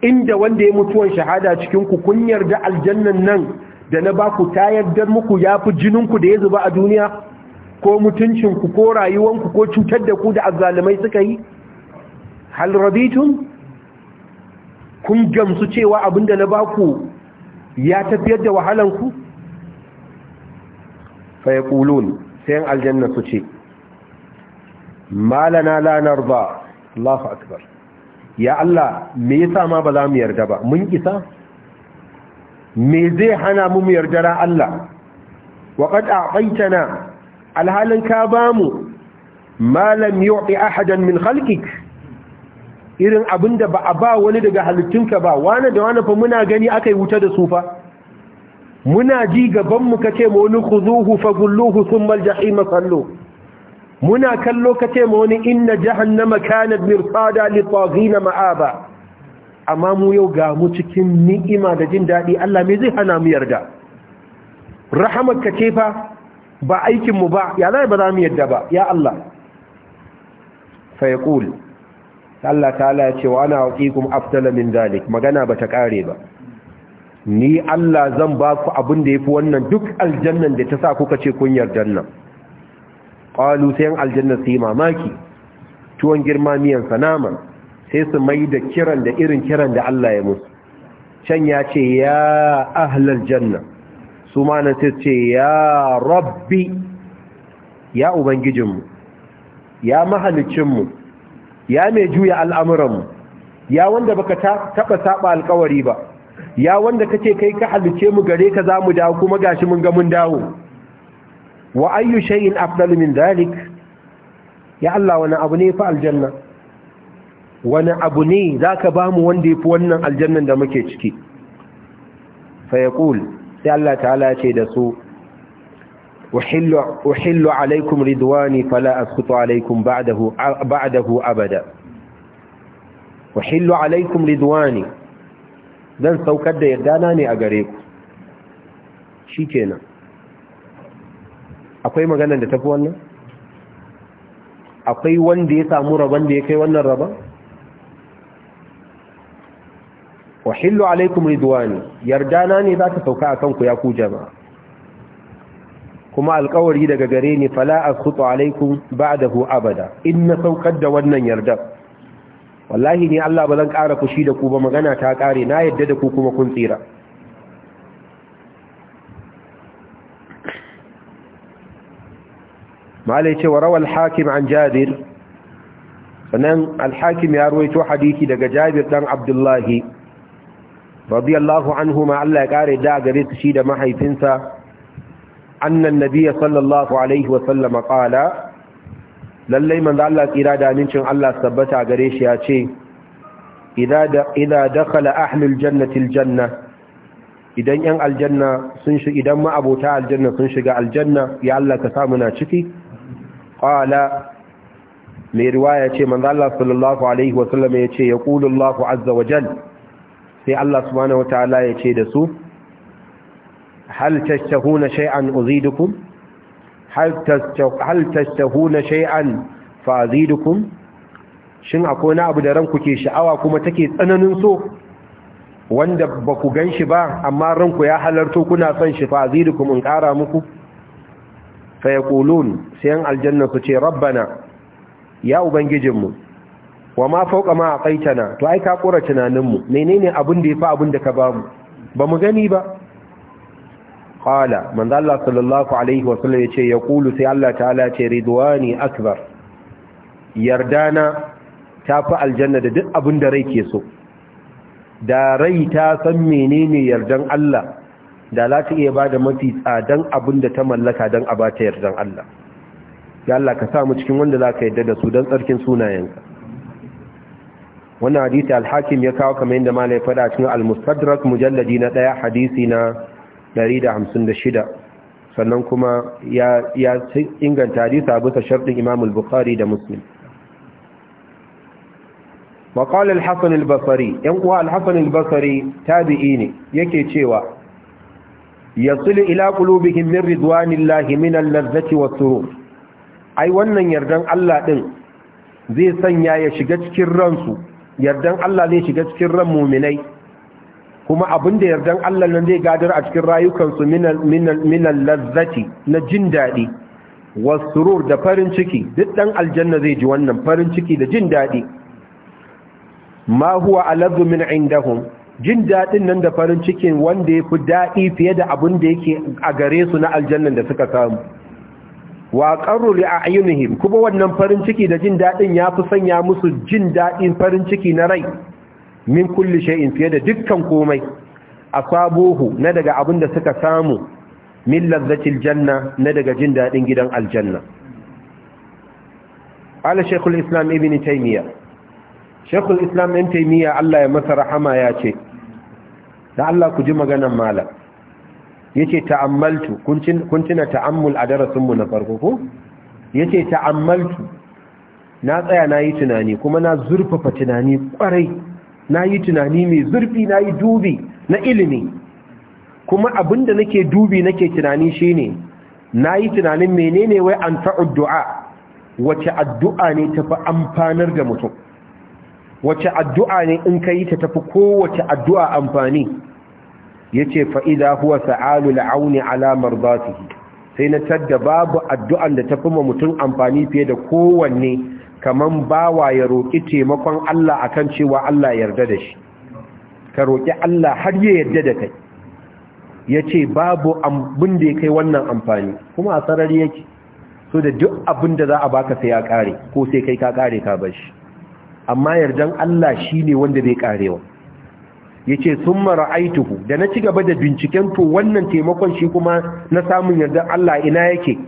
inda wanda ya mutuwan shahada cikin ku kun yarda aljannan nan da na baku ta yardar muku ya fi jininku da ya zuba a duniya ko mutuncinku ko rayuwanku ko cutar da ku da azzalumai suka yi hal rabitun kun gamsu cewa abinda na baku ya tafiyar da wahalanku fa yaqulun sayan aljanna su ce malana la narda Allahu akbar ya Allah me yasa ma ba za mu yarda ba mun isa me zai hana mu mu yarda ra Allah wa qad a'taytana alhalin ka bamu Malam lam yu'ti ahadan min khalqik irin abinda ba a ba wani daga halittunka ba wani da wani fa muna gani akai wuta da sufa muna ji gaban mu kace mu wani khuzuhu fagulluhu thumma aljahim sallu muna kallo ka ce ma wani inna jahannama kanat mirsada li taghina ma'aba amma mu yau ga mu cikin ni'ima da jin dadi Allah me zai hana mu yarda rahamar ka ce fa ba aikin mu ba ya zai ba za mu yarda ba ya Allah fa yaqul Allah ta'ala ya ce wa ana aqikum afdala min zalik magana bata kare ba ni Allah zan ba ku abin da yafi wannan duk aljannan da ta sa kuka ce kun yarda nan qalu sai an aljanna sai mamaki tuwon girma miyan sanama sai su mai da kiran da irin kiran da Allah ya musu can ya ce ya ahlal janna su ma nan sai ce ya rabbi ya ubangijinmu ya mahalicinmu ya mai juya al'amuranmu ya wanda baka taɓa saɓa alkawari ba ya wanda kace kai ka halice mu gare ka za mu dawo kuma gashi mun ga mun dawo wa ayyu shay'in afdalu min dhalik ya Allah wani abu ne fa aljanna wani abu ne zaka bamu mu wanda yafi wannan aljannan da muke ciki fa yaqul sai Allah ta'ala ya ce da su uhillu uhillu alaikum ridwani fala asqutu alaikum ba'dahu ba'dahu abada uhillu alaikum ridwani dan saukar da yardana ne a gare ku shikenan akwai maganar da tafi wannan akwai wanda ya samu rabon da ya kai wannan rabon wahillu alaikum ridwani na ne za ta sauka a kanku ya ku jama'a kuma alkawari daga gare ni fala ba alaikum ba'dahu abada inna na saukar da wannan yarda wallahi ni Allah ba zan ƙara kushi da ku ba magana ta ƙare na yadda da ku kuma kun tsira malai ce wa rawal hakim an jabir sannan alhakim ya ruwaito hadisi daga jabir dan abdullahi radiyallahu anhu ma Allah ya kare da gare shi da mahaifinsa annan nabiyya sallallahu alaihi wa sallama lallai manzo Allah tsira da amincin Allah tabbata gare shi ya ce idza dakhala ahlul jannati aljanna idan yan aljanna sun shi idan ma abota aljanna sun shiga aljanna ya Allah ka sa muna ciki qala mai riwaya ce manzo Allah sallallahu alaihi wa sallam yace yaqulu Allah azza wa jal sai Allah subhanahu wa ta'ala yace da su hal tashtahuna shay'an uzidukum hal tashtahuna shay'an fa azidukum shin akwai wani abu da ranku ke sha'awa kuma take tsananin so wanda ba ku gan shi ba amma ranku ya halarto kuna son shi fa in kara muku fa Kulun, aljanna su ce rabbana ya ubangijinmu wa ma fauka ma aqaitana to ai ka kora tunaninmu menene abin da yafi abin da ka bamu ba mu gani ba qala manzo Allah sallallahu alaihi wa sallam yace yaqulu sai Allah ta'ala ce ridwani akbar yardana tafi aljanna da duk abin da rai ke so da rai ta san menene yardan Allah da za ta iya ba da mafi tsadan abin da ta mallaka don a ba ta yardan Allah ya Allah ka samu cikin wanda za ka yadda da su don tsarkin sunayenka wannan hadisi alhakim ya kawo kamar yadda ya fada cikin al-mustadrak mujalladi na ɗaya hadisi na 156 sannan kuma ya inganta hadisa bisa ta imam al-bukhari da muslim wa qala al basari yan uwa al hassan al basari tabi'i ne yake cewa yasulu ila qulubihim min ridwanillahi min al-lazzati was-surur ai wannan yardan Allah din zai sanya ya shiga cikin ransu yardan Allah zai shiga cikin ran mu'minai kuma abinda yardan Allah nan zai gadar a cikin rayukansu min al-lazzati na jin dadi was-surur da farin ciki duk dan aljanna zai ji wannan farin ciki da jin dadi ma huwa aladhu min indahum jin daɗin nan da farin cikin wanda ya fi daɗi fiye da abin da yake a gare su na aljannan da suka samu wa ƙarru li a'yunihim kuma wannan farin ciki da jin daɗin ya fi sanya musu jin daɗin farin ciki na rai min kulli shay'in fiye da dukkan komai asabuhu na daga abin da suka samu min lazzatil janna na daga jin daɗin gidan aljanna ala shaykhul islam ibn taymiya shaykhul islam ibn taymiya Allah ya masa rahama ya ce da Allah ku ji maganan malam yace ta'ammaltu kun kuncina ta'ammul a darasin mu na farko ko yace ta'ammaltu na tsaya yi tunani kuma na zurfafa tunani kwarai nayi tunani mai zurfi nayi dubi na ilimi kuma abinda nake dubi nake tunani shine nayi tunanin menene wai an fa'u du'a wace addu'a ne tafi amfanar da mutum wace addu'a ne in kai ta tafi kowace addu'a amfani yace fa idza huwa sa'alul auni ala mardatihi sai na tadda babu addu'an da tafi ma mutum amfani fiye da kowanne kamar bawa ya roki taimakon Allah akan cewa Allah yarda da shi ka roki Allah har ya yarda da kai yace babu abin da ya kai wannan amfani kuma a sarari yake so da duk abin da za a baka sai ya kare ko sai kai ka kare ka bar amma yardan Allah shi ne wanda bai karewa yace mara aituku da na ci gaba da binciken to wannan taimakon shi kuma na samun yardar Allah ina yake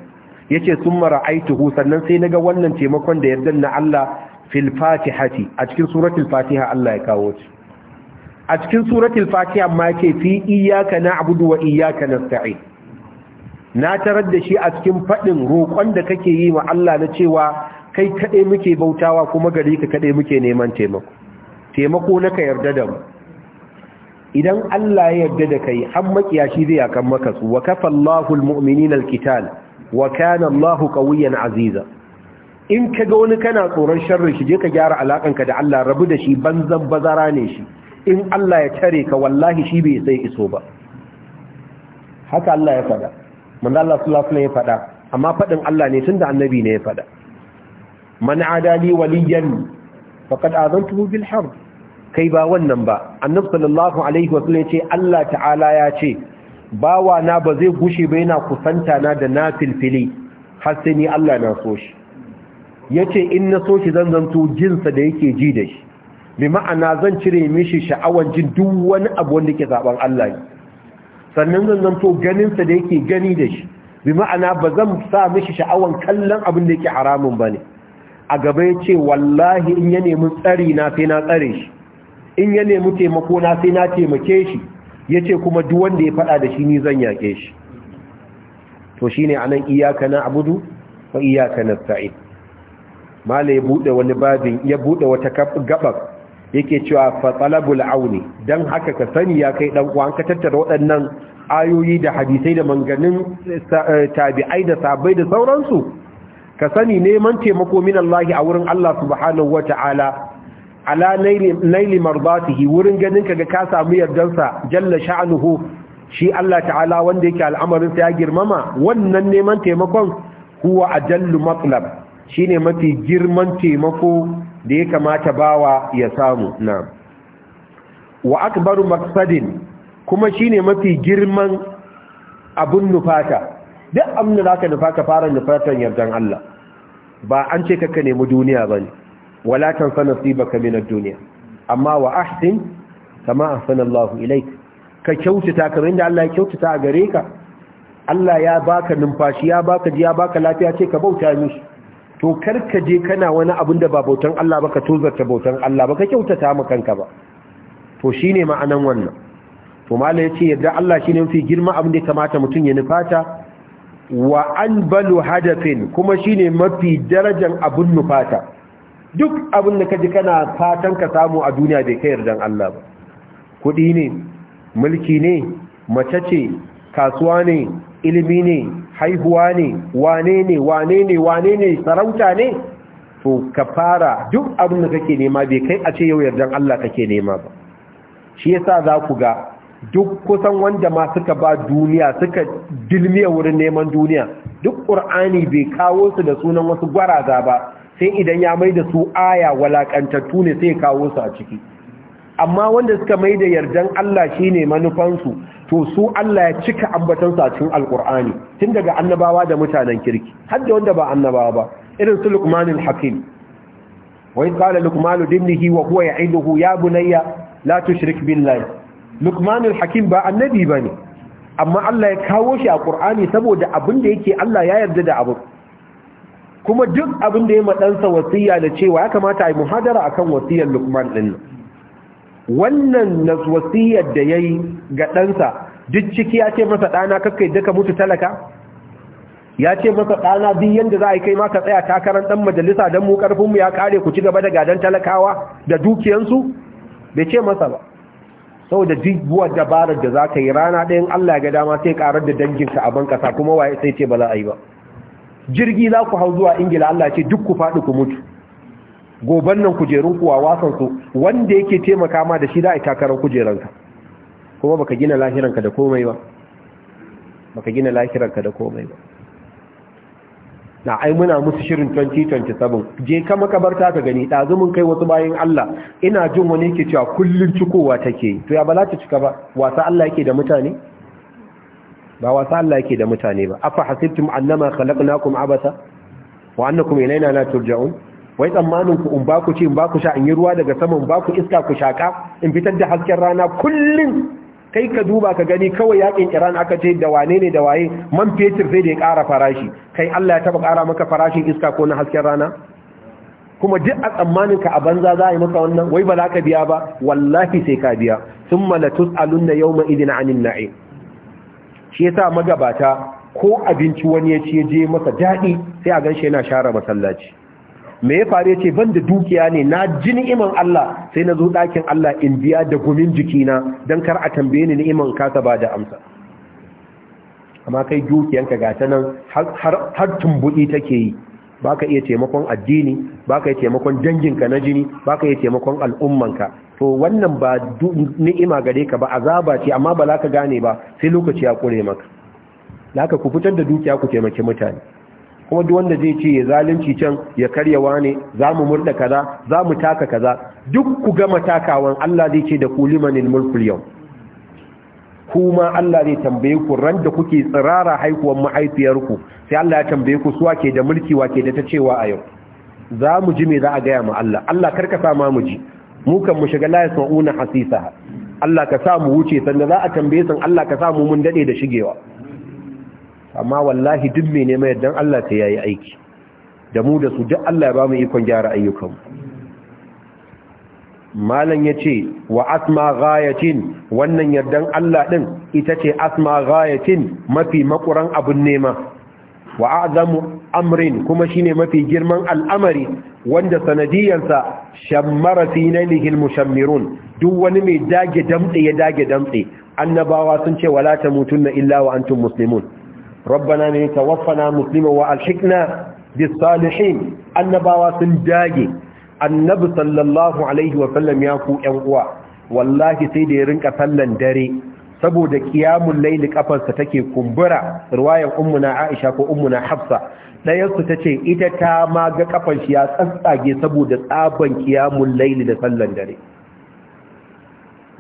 yace mara aituku sannan sai na ga wannan taimakon da yardar na Allah fil fatihati a cikin suratul fatiha Allah ya kawo shi a cikin suratul fatiha ma yake fi iyyaka na'budu wa iyyaka nasta'in na tarar da shi a cikin fadin roƙon da kake yi wa Allah na cewa kai kaɗai muke bautawa kuma gari ka kaɗai muke neman taimako taimako na yarda da mu idan Allah ya yarda da kai har makiyashi zai yakan maka su wa kafa Allahu almu'minina alqital wa kana Allahu qawiyyan aziza in kaga wani kana tsoron sharrin shi je ka gyara alakanka da Allah rabu da shi banzan bazara ne shi in Allah ya tare ka wallahi shi bai sai iso ba haka Allah ya faɗa manzo Allah sallallahu alaihi ya faɗa amma faɗin Allah ne tunda annabi ne ya faɗa man adali waliyan faqad azantuhu bil harb kai ba wannan ba annabi sallallahu alaihi wasallam yace Allah ta'ala ya ce bawa na ba zai gushe ba yana kusanta na da nafilfili har sai ni Allah na so shi yace in na so shi zan zanto jinsa da yake ji da shi bi ma'ana zan cire mishi sha'awan jin duk wani abu wanda ke zaban Allah ne sannan zan zanto ganin sa da yake gani da shi bi ma'ana ba zan sa mishi sha'awan kallon abin da yake haramun ba ne, a gaba yace wallahi in ya nemi tsari na sai na tsare shi in ya nemi taimako na sai na taimake shi yace kuma duk wanda ya fada da shi ni zan yake shi to shine anan iyyaka abudu wa iyyaka nasta'in malai ya bude wani babin ya bude wata gabar yake cewa fa talabul auni dan haka ka sani ya kai dan uwan ka tattara waɗannan ayoyi da hadisai da manganin eh, eh, tabi'ai da sabai da sauransu ka sani neman taimako min Allah a wurin Allah subhanahu wata'ala ala naili marbatihi wurin ganin kaga ka samu yardansa jalla sha'nuhu shi Allah ta'ala wanda yake al'amarin sa ya girmama wannan neman taimakon huwa ajallu matlab shine mafi girman taimako da ya kamata bawa ya samu na'am wa akbaru maqsadin kuma shine mafi girman abun nufata duk amna zaka nufa ka fara nufatan yardan Allah ba an ce kaka nemi duniya bane wala tansa nasibaka min ad-dunya amma wa ahsin kama ahsana Allah ilaik ka kyautata kamar inda Allah ya kyautata a gare ka Allah ya baka numfashi ya baka ji lafiya ce ka bauta mishi to karka je kana wani abin da ba bautan Allah ba ka tozarta bautan Allah ba ka kyautata ma kanka ba to shine ma'anan wannan to malai yace yadda Allah shine mafi girma abin da ya kamata mutum ya nufata wa anbalu hadafin kuma shine mafi darajan abun nufata duk abin da kaji kana fatan ka samu a duniya bai kai yardan Allah ba kudi ne mulki ne mace ce kasuwa ne ilimi ne haihuwa ne wane ne wane ne wane ne sarauta ne to ka fara duk abin da kake nema bai kai a ce yau yardan Allah kake nema ba shi yasa za ku ga duk kusan wanda ma suka ba duniya suka dilmiya wurin neman duniya duk ƙur'ani bai kawo su da sunan wasu gwaraza ba sai idan ya mai da su aya walakantattu ne sai kawo su a ciki amma wanda suka mai da yardan Allah shi ne manufansu to su Allah ya cika ambatansu a cikin alkur'ani tun daga annabawa da mutanen kirki har da wanda ba annabawa ba irin su lukmanul hakim wai kala lukmanu dimnihi wa huwa ya'iduhu ya bunayya la tushrik billahi lukmanul hakim ba annabi bane amma Allah ya kawo shi a qur'ani saboda abin da yake Allah ya yarda da abu kuma duk abin da ya matsansa wasiya da cewa ya kamata a yi muhadara a kan wasiyar lukman ɗin wannan na wasiyar da ya yi ga ɗansa duk ciki ya ce masa ɗana kakai duka mutu talaka ya ce masa ɗana biyu yadda za a yi kai maka tsaya takarar ɗan majalisa don mu ƙarfinmu ya ƙare ku ci gaba da gadon talakawa da dukiyansu bai ce masa ba Sau da jibuwa dabarar da za ka yi rana ɗayan allah ya ga dama sai ƙarar da danginka a ban ƙasa kuma waye sai ce ba za a yi ba jirgi za ku hau zuwa ingila Allah ce duk ku faɗi ku mutu goban nan kujerun kuwa wasan wanda yake taimaka ma da shi za a takarar kujeranka kuma baka gina lahiranka da komai ba baka gina lahiranka da komai ba na ai muna musu shirin 2027 je ka makabarta ka gani ɗazu kai wasu bayan Allah ina jin wani yake cewa kullum cikowa take to ya ba za ta cika ba wasa Allah yake da mutane ba wasa Allah yake da mutane ba afa hasibtum annama khalaqnakum abasa wa annakum ilaina la turja'un wai tsammanin ku in baku ci in baku sha in yi ruwa daga saman in baku iska ku shaka in fitar da hasken rana kullun kai ka duba ka gani kawai yakin Iran aka ce da wane ne da waye man fetur sai da ya ƙara farashi kai Allah ya taba ƙara maka farashin iska ko na hasken rana kuma duk a tsammanin ka a banza za a yi maka wannan wai ba za ka biya ba wallahi sai ka biya thumma latus'alunna yawma idin 'anil na'im shi yasa magabata ko abinci wani ya ce je masa daɗi sai a ganshi yana share masallaci me ya faru yace banda dukiya ne na ji ni'iman Allah sai na zo ɗakin Allah in biya da gumin jikina don kar a tambaye ni ni'iman kasa ba da amsa amma kai dukiyanka ga ta nan har tumbudi take yi baka iya taimakon addini baka iya taimakon danginka na jini baka iya taimakon al'ummanka to wannan ba ni'ima gare ka ba azaba ce amma ba za ka gane ba sai lokaci ya kure maka laka ku fitar da dukiya ku taimaki mutane kuma duk wanda zai ce ya zalunci can ya karyawa ne za mu murda kaza za mu taka kaza duk ku gama takawan Allah zai ce da kulimanil mulkul yau kuma Allah zai tambaye ku ran da kuke tsirara haihuwar mahaifiyarku sai Allah ya tambaye ku su wake da mulki wake da ta cewa a yau za mu ji me za a gaya mu Allah Allah kar ka sa ma mu ji mu kan mu shiga layas ma'una hasisa Allah ka sa mu wuce sannan za a tambaye san Allah ka sa mu mun dade da shigewa amma wallahi duk me ne mai dan Allah ta yayi aiki da mu da su duk Allah ya ba mu ikon gyara ayyukanmu malam ya ce wa asma ghayatin wannan yardan Allah ɗin ita ce asma ghayatin mafi makuran abin nema wa azamu amrin kuma shine mafi girman al'amari wanda sanadiyansa shammara fi nailihil mushammirun duk wani mai dage damtse ya dage damtse annabawa sun ce wala tamutunna illa wa antum muslimun rabbana ne tawaffana musliman wa alhikna bis salihin annabawa sun dage annabi sallallahu alaihi wa sallam ya ku ‘yan uwa wallahi sai da ya rinka sallan dare saboda kiyamun laili kafarsa take kumbura ruwayan ummuna aisha ko ummuna hafsa ɗayarsu ta ce ita ta ma ga kafar shi ya tsantsage saboda tsaban kiyamun laili da sallan dare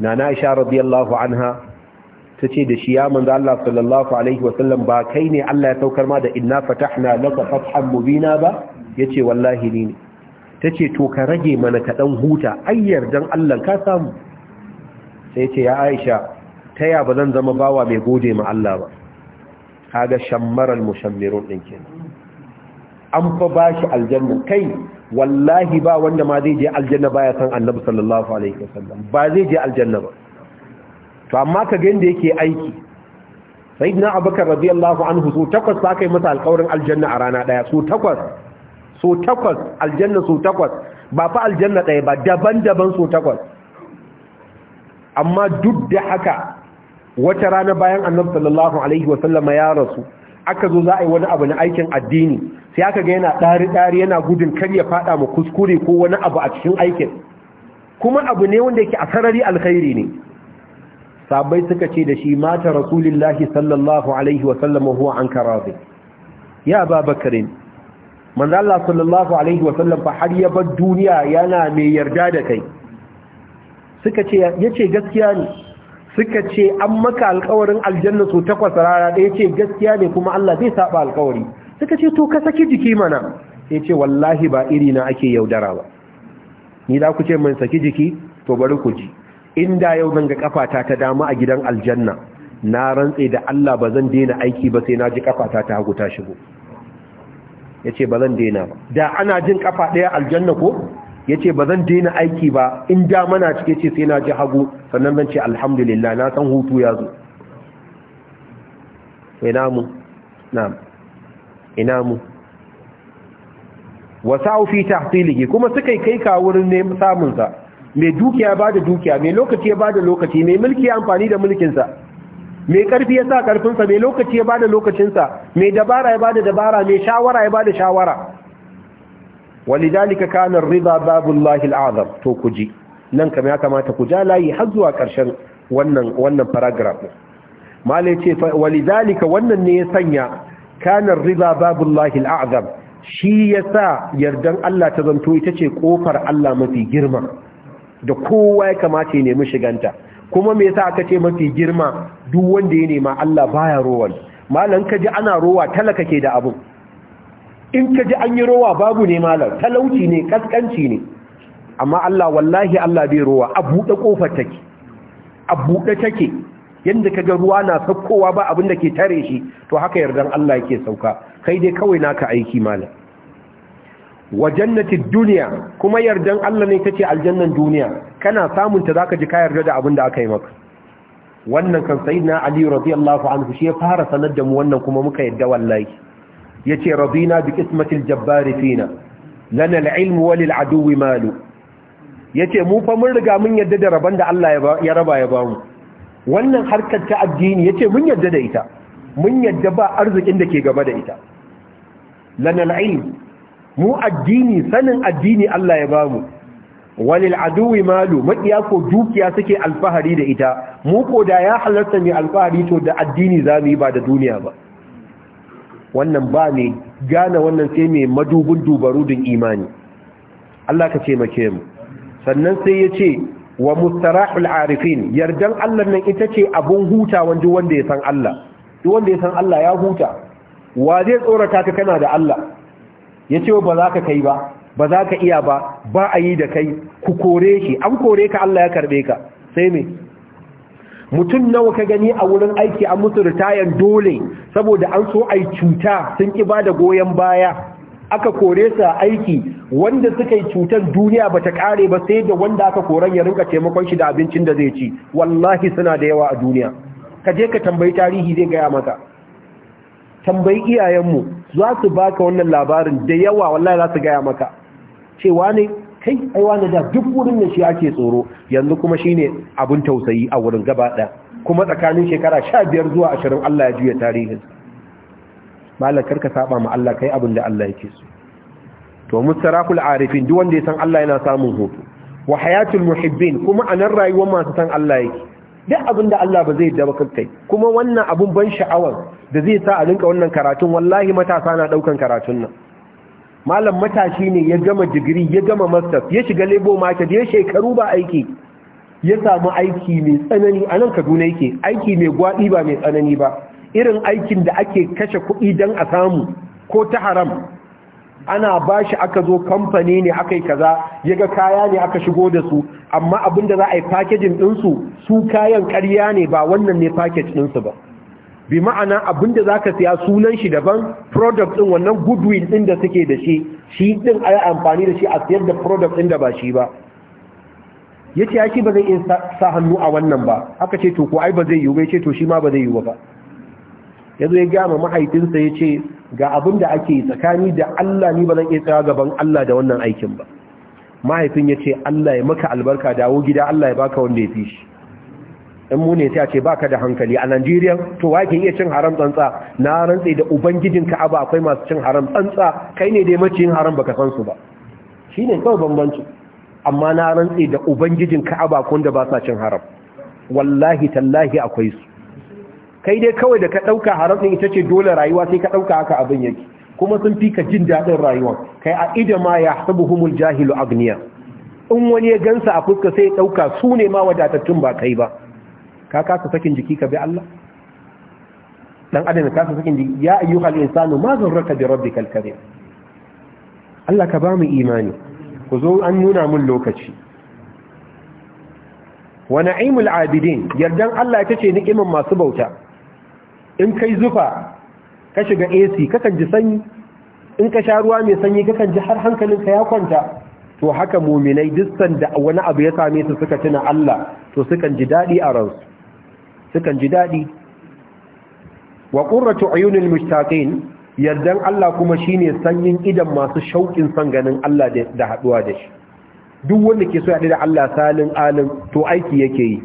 nana aisha radiyallahu anha ta ce da shi ya manzo Allah sallallahu alaihi wa sallam ba kai ne Allah ya saukar ma da inna fatahna laka fathan mubina ba yace wallahi ni ne ta ce to ka rage mana kaɗan huta ayyar don allah ka samu sai ce ya aisha ta ya ba zan zama bawa mai gode ma allah ba kaga shammaral mushammirun ɗin kenan an fa ba shi aljanna kai wallahi ba wanda ma zai je aljanna baya san annabi sallallahu alaihi wasallam ba zai je aljanna ba to amma ka ga inda yake aiki sayyidina abubakar radiyallahu anhu so takwas sa kai masa alƙawarin aljanna a rana daya so takwas so takwas aljanna so takwas ba fa aljanna ɗaya ba daban-daban so takwas amma duk da haka wata rana bayan annabi sallallahu alaihi wasallama ya rasu aka zo za a yi wani abu na aikin addini sai aka ga yana ɗari-ɗari yana gudun kar ya faɗa ma kuskure ko wani abu a cikin aikin kuma abu ne wanda yake a sarari alkhairi ne sabai suka ce da shi mata rasulillahi sallallahu alaihi wasallam huwa an karazi ya manzo Allah sallallahu alaihi wa sallam fa har ya bar duniya yana mai yarda da kai suka ce yace gaskiya ne suka ce an maka alƙawarin aljanna so takwas rana da yace gaskiya ne kuma Allah zai saba alƙawari suka ce to ka saki jiki mana yace wallahi ba iri na ake yaudara ba ni da ku ce mun saki jiki to bari ku ji inda yau zan ga kafata ta dama a gidan aljanna na rantse da Allah ba zan daina aiki ba sai na ji kafata ta hagu ta shigo ya ce ba zan daina ba da ana jin kafa ɗaya aljanna ko ya ce ba zan daina aiki ba in da mana cike ce sai na ji hagu sannan zan ce alhamdulillah na san hutu ya zo ina mu na'am ina mu sa'u fi tahsilihi kuma suka kai ka wurin ne samun sa mai dukiya ba da dukiya mai lokaci ba da lokaci mai mulki amfani da mulkin sa mai karfi ya sa karfinsa mai lokaci ya bada lokacinsa mai dabara ya bada dabara mai shawara ya bada shawara walidalika kana ar babullahi al-azam to ji nan kama ya kamata ku ja layi har zuwa karshen wannan wannan paragraph malai ce walidalika wannan ne ya sanya kanar riba ridha babullahi al shi shi yasa yardan Allah ta zanto ita ce kofar Allah mafi girma da kowa ya kamata ya nemi shiganta kuma me yasa aka ce mafi girma duk wanda ya nema Allah baya rowan malan kaji ana rowa talaka ke da abu in kaji an yi rowa babu ne malan talauci ne kaskanci ne amma Allah wallahi Allah bai rowa a buɗe kofar take a buɗe take yadda ka ga ruwa na saukowa ba abin da ke tare shi to haka yardan Allah yake sauka kai dai kawai naka aiki malam wa jannatid dunya kuma yardan Allah ne kace aljannan duniya kana samun ta zaka ji ka yarda da abin da aka yi maka wannan kan sayyidina ali radiyallahu anhu shi ya fara sanar da mu wannan kuma muka yarda wallahi yace radina bi ismati aljabbar fina lana alilm ilm wa lil aduwi malu yace mu fa mun riga mun yarda da rabon da Allah ya raba ya bamu wannan harkar ta addini yace mun yarda da ita mun yarda ba arzikin da ke gaba da ita lana alilm ilm mu addini sanin addini Allah ya bamu walil aduwi malu makiya ko dukiya suke alfahari da ita mu ko da ya halarta ne alfahari to da addini za mu yi ba da duniya ba wannan ba ne gane wannan sai mai madubin dubarudin imani Allah ka ce make mu sannan sai ya ce wa mustarahul arifin yardan Allah nan ita ce abun huta wanda wanda ya san Allah duk wanda ya san Allah ya huta wa zai tsorata ka kana da Allah ya ce ba za ka kai ba ba za ka iya ba ba a yi da kai ku kore shi an kore ka Allah ya karbe ka sai me mutum nawa ka gani a wurin aiki an musu ritayan dole saboda an so ai cuta sun ki ba da goyon baya aka kore sa aiki wanda suka yi cutar duniya ba ta kare ba sai da wanda aka koren ya rinka taimakon shi da abincin da zai ci wallahi suna da yawa a duniya ka je ka tambayi tarihi zai gaya maka tambayi iyayenmu za su baka wannan labarin da yawa wallahi za su gaya maka cewa ne kai aiwa da duk wurin da shi ake tsoro yanzu kuma shine abin tausayi a wurin gaba ɗaya kuma tsakanin shekara sha biyar zuwa ashirin Allah ya juya tarihin malam karka saba ma Allah kai abin da Allah yake so to mustarakul arifin duk wanda ya san Allah yana samun hoto wa hayatul muhibbin kuma anan rayuwar masu san Allah yake duk abin da Allah ba zai yarda ba kai kuma wannan abun ban sha'awar da zai sa a rinka wannan karatun wallahi matasa na daukan karatun nan malam matashi ne ya gama digiri ya gama masters ya shiga labor market ya shekaru ba aiki ya samu aiki mai tsanani a nan kaduna yake aiki mai gwadi ba mai tsanani ba irin aikin da ake kashe kuɗi don a samu ko ta haram ana ba shi aka zo kamfani ne aka yi kaza ya ga kaya ne aka shigo da su amma abinda za a yi packaging ɗinsu su kayan ƙarya ne ba wannan ne fakej ɗinsu ba bi ma'ana abinda zaka siya sunan shi daban product din wannan goodwill din da suke da shi shi din yi amfani da shi a siyar da product din da ba shi ba yace ya shi ba zai sa hannu a wannan ba aka ce to ko ai ba zai yi ba yace to shi ma ba zai yi ba yazo ya gama mahaifinsa yace ga abin da ake tsakani da Allah ni ba zan iya tsaya gaban Allah da wannan aikin ba mahaifin ya ce Allah ya maka albarka dawo gida Allah ya baka wanda ya fi shi in mune sai a ce baka da hankali a Najeriya to wake iya cin haram tsantsa na rantse da ubangijin Ka'aba akwai masu cin haram tsantsa kai ne dai maciyin haram baka san su ba shine kawai bambanci amma na rantse da ubangijin Ka'aba kun da ba sa cin haram wallahi tallahi akwai su kai dai kawai da ka dauka haram din ita ce dole rayuwa sai ka dauka haka abin yake kuma sun fi ka jin dadin rayuwa kai a ida ma ya sabuhumul jahilu agniya in wani ya gansa a fuska sai ya dauka su ne ma wadatattun ba kai ba ka kasa sakin jiki ka bi Allah dan adam ka kasa sakin jiki ya ayyuhal insanu ma zurraka bi rabbikal karim Allah ka ba mu imani ku zo an nuna mun lokaci wa na'imul abidin yardan Allah ita ce ni'imin masu bauta in kai zufa ka shiga AC kakan ji sanyi in ka sha ruwa mai sanyi kakan ji har ka ya kwanta to haka muminai duk sanda wani abu ya same su suka tuna Allah to sukan ji daɗi a ransu sukan ji daɗi wa qurratu ayunil mushtaqin yardan Allah kuma shine sanyin idan masu shauƙin son ganin Allah da haɗuwa da shi duk wanda ke so ya da Allah salin alim to aiki yake yi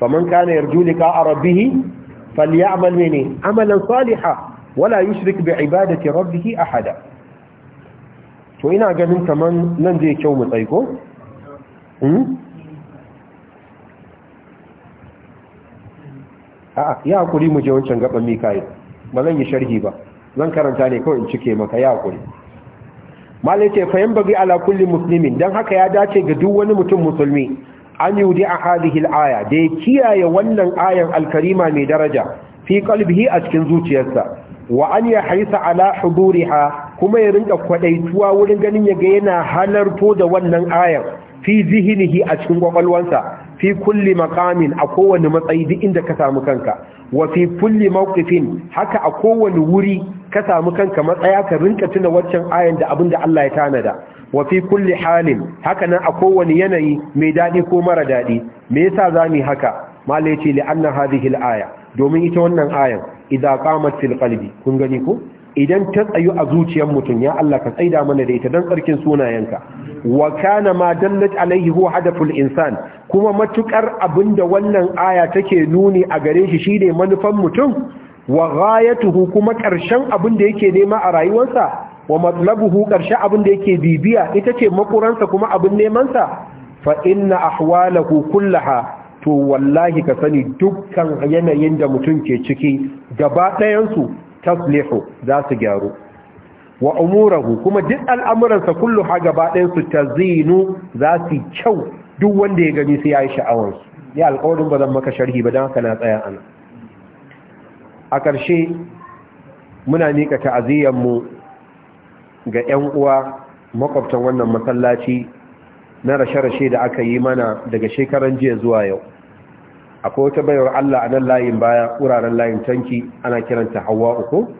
faman kana yarju lika rabbih falyamal mene amalan saliha wala yushrik bi ibadati rabbih ahada to ina ganin kaman nan zai kyau mu tsaiko hmm? a'a ya hakuri mu je wancan gaban mikail ba zan yi sharhi ba zan karanta ne kawai in cike maka ya hakuri malai ce fayan bagi ala kulli muslimin dan haka ya dace ga duk wani mutum musulmi an yudi a hadhihi al-aya da ya kiyaye wannan ayan al-karima mai daraja fi qalbihi a cikin zuciyarsa wa an ya haisa ala huduriha kuma ya rinka kwadaituwa wurin ganin ya ga yana halarto da wannan ayan fi zihinihi a cikin kwakwalwansa fi kulli maqamin a kowane matsayi duk inda ka samu kanka wa fi kulli mawqifin haka a kowane wuri ka samu kanka matsaya ka rinka tuna waccan ayan da abinda Allah ya tanada wa fi kulli halin haka nan a kowane yanayi mai dadi ko mara dadi me yasa zamu haka malai ce li anna hadhihi al-aya domin ita wannan ayan idza qamat fil qalbi kun gani ko idan ta tsayu a zuciyar mutum ya Allah ka tsaida mana da ita don tsarkin sunayenka wa kana ma dallat alaihi huwa hadaful insan kuma matukar abinda wannan aya take nuni a gare shi shine manufan mutum wa ghayatuhu kuma karshen abinda yake nema a rayuwarsa wa matlabuhu karshen da yake bibiya ita ce makuransa kuma abin neman sa fa inna ahwalahu kullaha to wallahi ka sani dukkan yanayin da mutum ke ciki gaba ɗayansu taslihu za su gyaru wa umurahu kuma duk al'amuransa kullu ha gaba ɗayansu ta zinu za su kyau duk wanda ya gani sai ya yi sha'awansu ya alƙawarin ba zan maka sharhi ba don haka na tsaya ana a ƙarshe muna nika ta'aziyyarmu ga 'yan uwa makwabtan wannan masallaci na rashe-rashe da aka yi mana daga shekaran jiya zuwa yau akwai wata bayar Allah a nan layin baya wuraren layin tanki ana kiranta hawa ko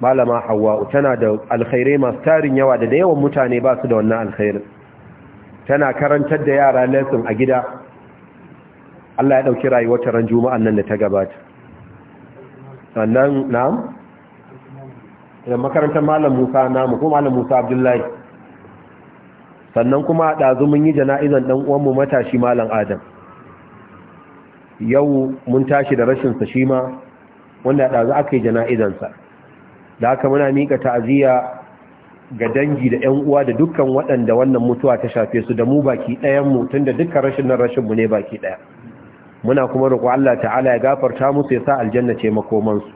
malama uku tana da alkhairai masu tarin yawa da da yawan mutane ba su da wannan alkhairin tana karantar da yara lesson a gida Allah ya dauki rayuwar ran juma'an nan da ta gabata sannan na'am da makarantar malam Musa namu ko malam Musa Abdullahi sannan kuma ɗazu mun yi jana'izan dan uwanmu matashi malam Adam yau mun tashi da rashinsa shi ma wanda ɗazu aka yi jana'izansa da haka muna mika ta'aziyya ga dangi da 'yan uwa da dukkan waɗanda wannan mutuwa ta shafe su da mu baki ɗayan mu tunda dukkan rashin nan mu ne baki ɗaya muna kuma roƙo Allah ta'ala ya gafarta musu ya sa aljanna ce makomansu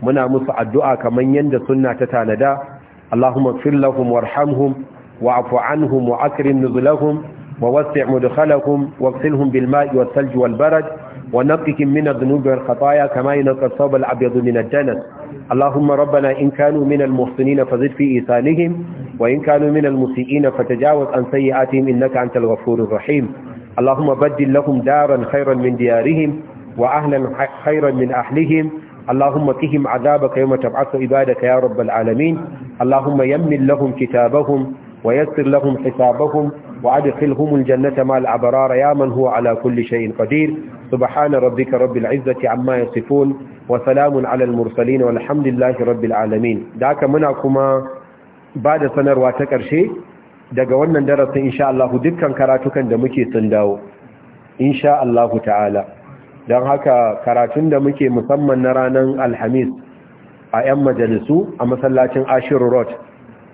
muna musu addu'a kamar yanda sunna ta tanada Allahumma fir lahum warhamhum afu anhum wa akrim nuzulahum bil ma'i واغسلهم بالماء wal barad ونقهم من الذنوب والخطايا كما ينقى الثوب الأبيض من الدنس اللهم ربنا إن كانوا من المحسنين فزد في إيثانهم وإن كانوا من المسيئين فتجاوز عن سيئاتهم إنك أنت الغفور الرحيم اللهم بدل لهم دارا خيرا من ديارهم وأهلا خيرا من أهلهم اللهم كهم عذابك يوم تبعث عبادك يا رب العالمين اللهم يمن لهم كتابهم ويسر لهم حسابهم وأدخلهم الجنة مع الأبرار يا من هو على كل شيء قدير سبحان ربك رب العزة عما يصفون وسلام على المرسلين والحمد لله رب العالمين دعك منعكما بعد سنر واتكر شيء daga wannan darasin insha Allah dukkan karatukan da muke sun dawo insha Allah ta'ala don haka karatun da muke musamman na ranar alhamis a 'yan majalisu a masallacin ashiru road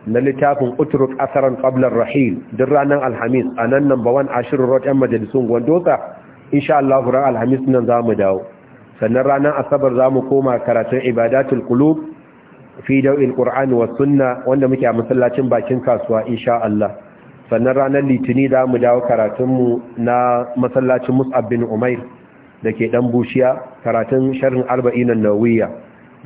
na littafin uturuk asaran qablar rahil duk ranar alhamis a nan namba 1 ashirin road yan majalisun gwandosa insha Allah ran alhamis nan za mu dawo sannan ranar asabar za mu koma karatun ibadatul Kulub fi il qur'ani wa sunna wanda muke a masallacin bakin kasuwa insha Allah sannan ranar litini za mu dawo karatunmu na masallacin mus'ab bin umair ke ɗan bushiya karatun sharhin arba'in nawiyya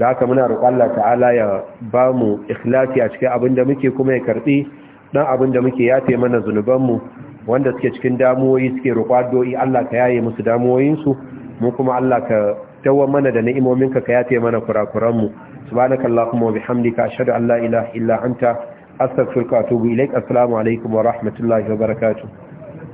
da haka muna roƙon Allah ta'ala ya ba mu ikhlasi a cikin abin da muke kuma ya karbi dan abin da muke yafe mana zunubanmu. mu wanda suke cikin damuwoyi suke roƙo do'i Allah ka yaye musu damuwoyin su mu kuma Allah ka dawo mana da ni'imomin ka yafe mana kurakuran mu subhanakallahumma wa bihamdika ashhadu an la ilaha illa anta astaghfiruka wa atubu ilaik assalamu alaikum wa rahmatullahi wa barakatuh